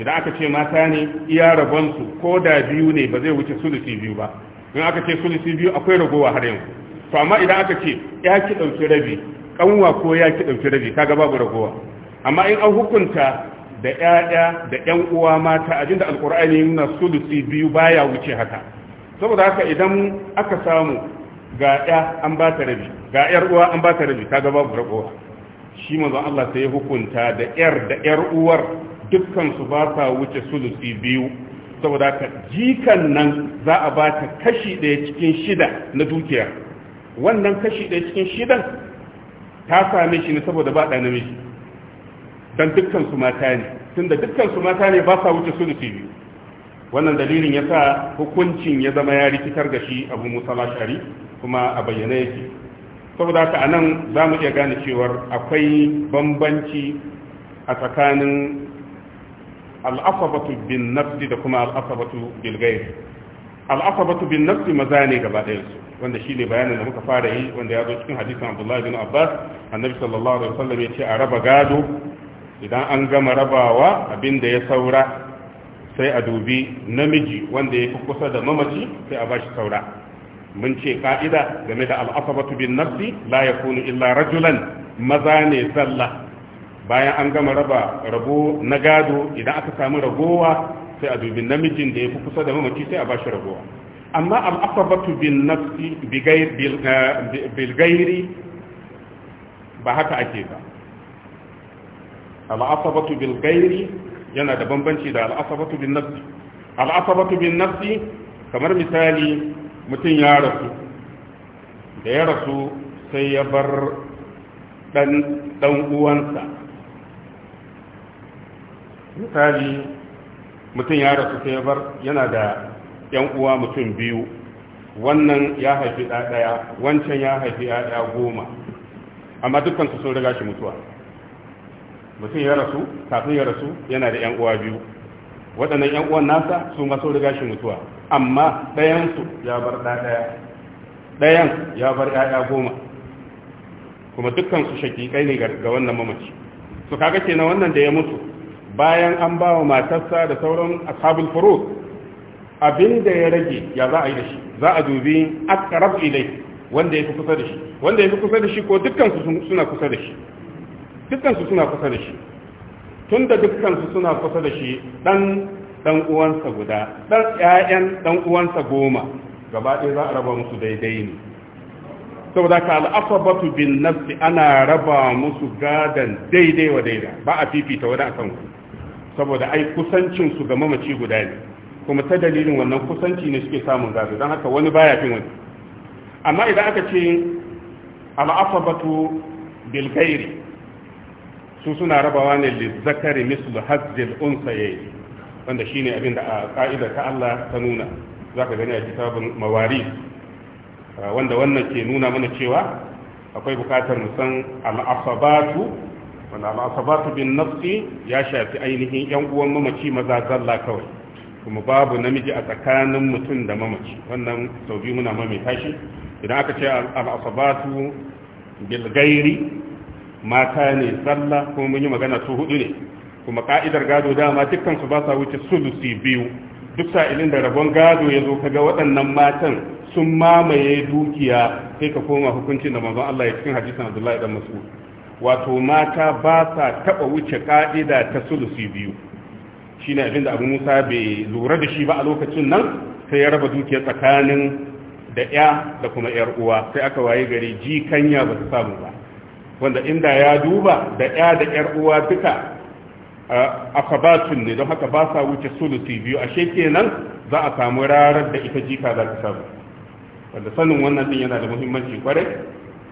idan aka ce mata ne iya rabonsu ko da biyu ne ba zai wuce sulusi biyu ba in aka ce sulusi biyu akwai ragowa har yanzu to amma idan aka ce ya ki ɗauki rabi kanwa ko ya ki ɗauki rabi kaga babu ragowa amma in an hukunta da 'ya'ya da 'yan uwa mata abinda alƙur'ani na sulusi biyu baya wuce haka saboda haka idan aka samu ga ƴa an ba ta rabi ga ƴar uwa an ba ta rabi kaga babu ragowa shi manzon Allah ta yi hukunta da yar da yar uwar dukkan su ba sa wuce sulusi biyu saboda ka jikan nan za a ba ta kashi ɗaya cikin shida na dukiya wannan kashi ɗaya cikin shidan ta same shi ne saboda ba ɗa namiji don dukkan su mata ne tunda dukkan su mata ne ba sa wuce sulusi biyu wannan dalilin ya sa hukuncin ya zama ya rikitar da shi abu musa mashari kuma a bayyana yake saboda haka anan za mu iya gane cewar akwai bambanci a tsakanin al'asabatu bin nafsi da kuma al'asabatu bil gairi bin nafsi maza ne gaba da su wanda shine bayanin da muka fara yi wanda ya zo cikin hadisin Abdullahi bin Abbas annabi sallallahu alaihi wasallam ya ce a raba gado idan an gama rabawa abin da ya saura sai a dubi namiji wanda ya fi kusa da mamaci sai a ba shi saura mun ce ka'ida game da al'asabatu bin nafsi la yakunu illa rajulan maza ne zalla bayan an gama raba rabo na gado idan aka samu ragowa sai a dubi namijin da ya fi kusa da mamaki sai a ba shi ragowa amma al'asabatu bin nafsi bilgairi eh, ba haka ake ba al'asabatu bilgairi yana da bambanci da al'asabatu bin nafsi al'asabatu bin nafsi kamar misali mutum ya rasu da ya rasu sai ya bar ɗan'uwansa. uwansa misali mutum ya rasu sai ya bar yana da ‘yan uwa mutum biyu wannan ya haifi ɗaya wancan ya haifi ɗaya goma amma dukkan su sun riga shi mutuwa mutum ya rasu kafin ya rasu yana da ‘yan uwa biyu waɗannan yan uwan nasa su ma sun riga shi mutuwa amma ɗayan su ya bar ɗaya ɗayan ya bar ɗaya goma kuma dukkan su shakikai ne ga wannan mamaci su kaga kenan wannan da ya mutu bayan an ba wa matarsa da sauran ashabul furud abin da ya rage ya za a yi da shi za a dubi aqrab ilay wanda ya fi kusa da shi wanda ya kusa da shi ko su suna kusa da shi dukkansu suna kusa da shi Tun da dukkansu suna kusa da shi dan dan uwansa guda dan ƴaƴan dan uwansa goma gaba ɗaya za a raba musu daidai ne saboda ka al'asabatu bin nafsi ana raba musu gadan daidai wa daida ba a fifita wani a ku saboda ai kusancin su ga mamaci guda ne kuma ta dalilin wannan kusanci ne suke samun gado don haka wani baya fin wani amma idan aka ce al'asabatu bil gairi su suna rabawa ne lizzakari mislu hazzil unsaye wanda ne abin da a ka'ida ta Allah ta nuna za ka gani a kitabin mawari wanda wannan ke nuna mana cewa akwai bukatar musan san al'asabatu wanda al'asabatu bin nafsi ya shafi ainihin yan uwan mamaci maza zalla kawai kuma babu namiji a tsakanin mutum da mamaci wannan sau biyu muna mamaita shi idan aka ce al'asabatu bil mata ne sallah kuma mun yi magana su hudu ne kuma ka'idar gado dama dukkan su ba sa wuce sulusi biyu duk sa'ilin da rabon gado ya zo kaga waɗannan matan sun mamaye dukiya sai ka koma hukuncin da manzon Allah ya cikin hadisin Abdullahi dan Mas'ud wato mata ba sa taba wuce ka'ida ta sulusi biyu shine abin da Abu Musa bai lura da shi ba a lokacin nan sai ya raba dukiya tsakanin da ya da kuma yar uwa sai aka waye gari jikanya ba ta samu ba wanda inda ya duba da ya da yar uwa duka akabatun ne don haka ba sa wuce sulusi biyu ashe kenan za a samu rarar da ita jika za ta samu wanda sanin wannan din yana da muhimmanci kwarai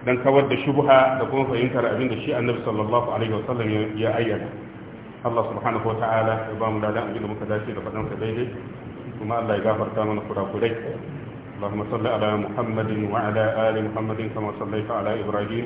don kawar da shubha da kuma fahimtar abin da shi annabi sallallahu alaihi wasallam ya ayyana Allah subhanahu wataala ya ba mu dadan abin da muka dace da fadan daidai kuma Allah ya gafarta mana kurakurai اللهم صل على محمد وعلى آل محمد كما صليت على إبراهيم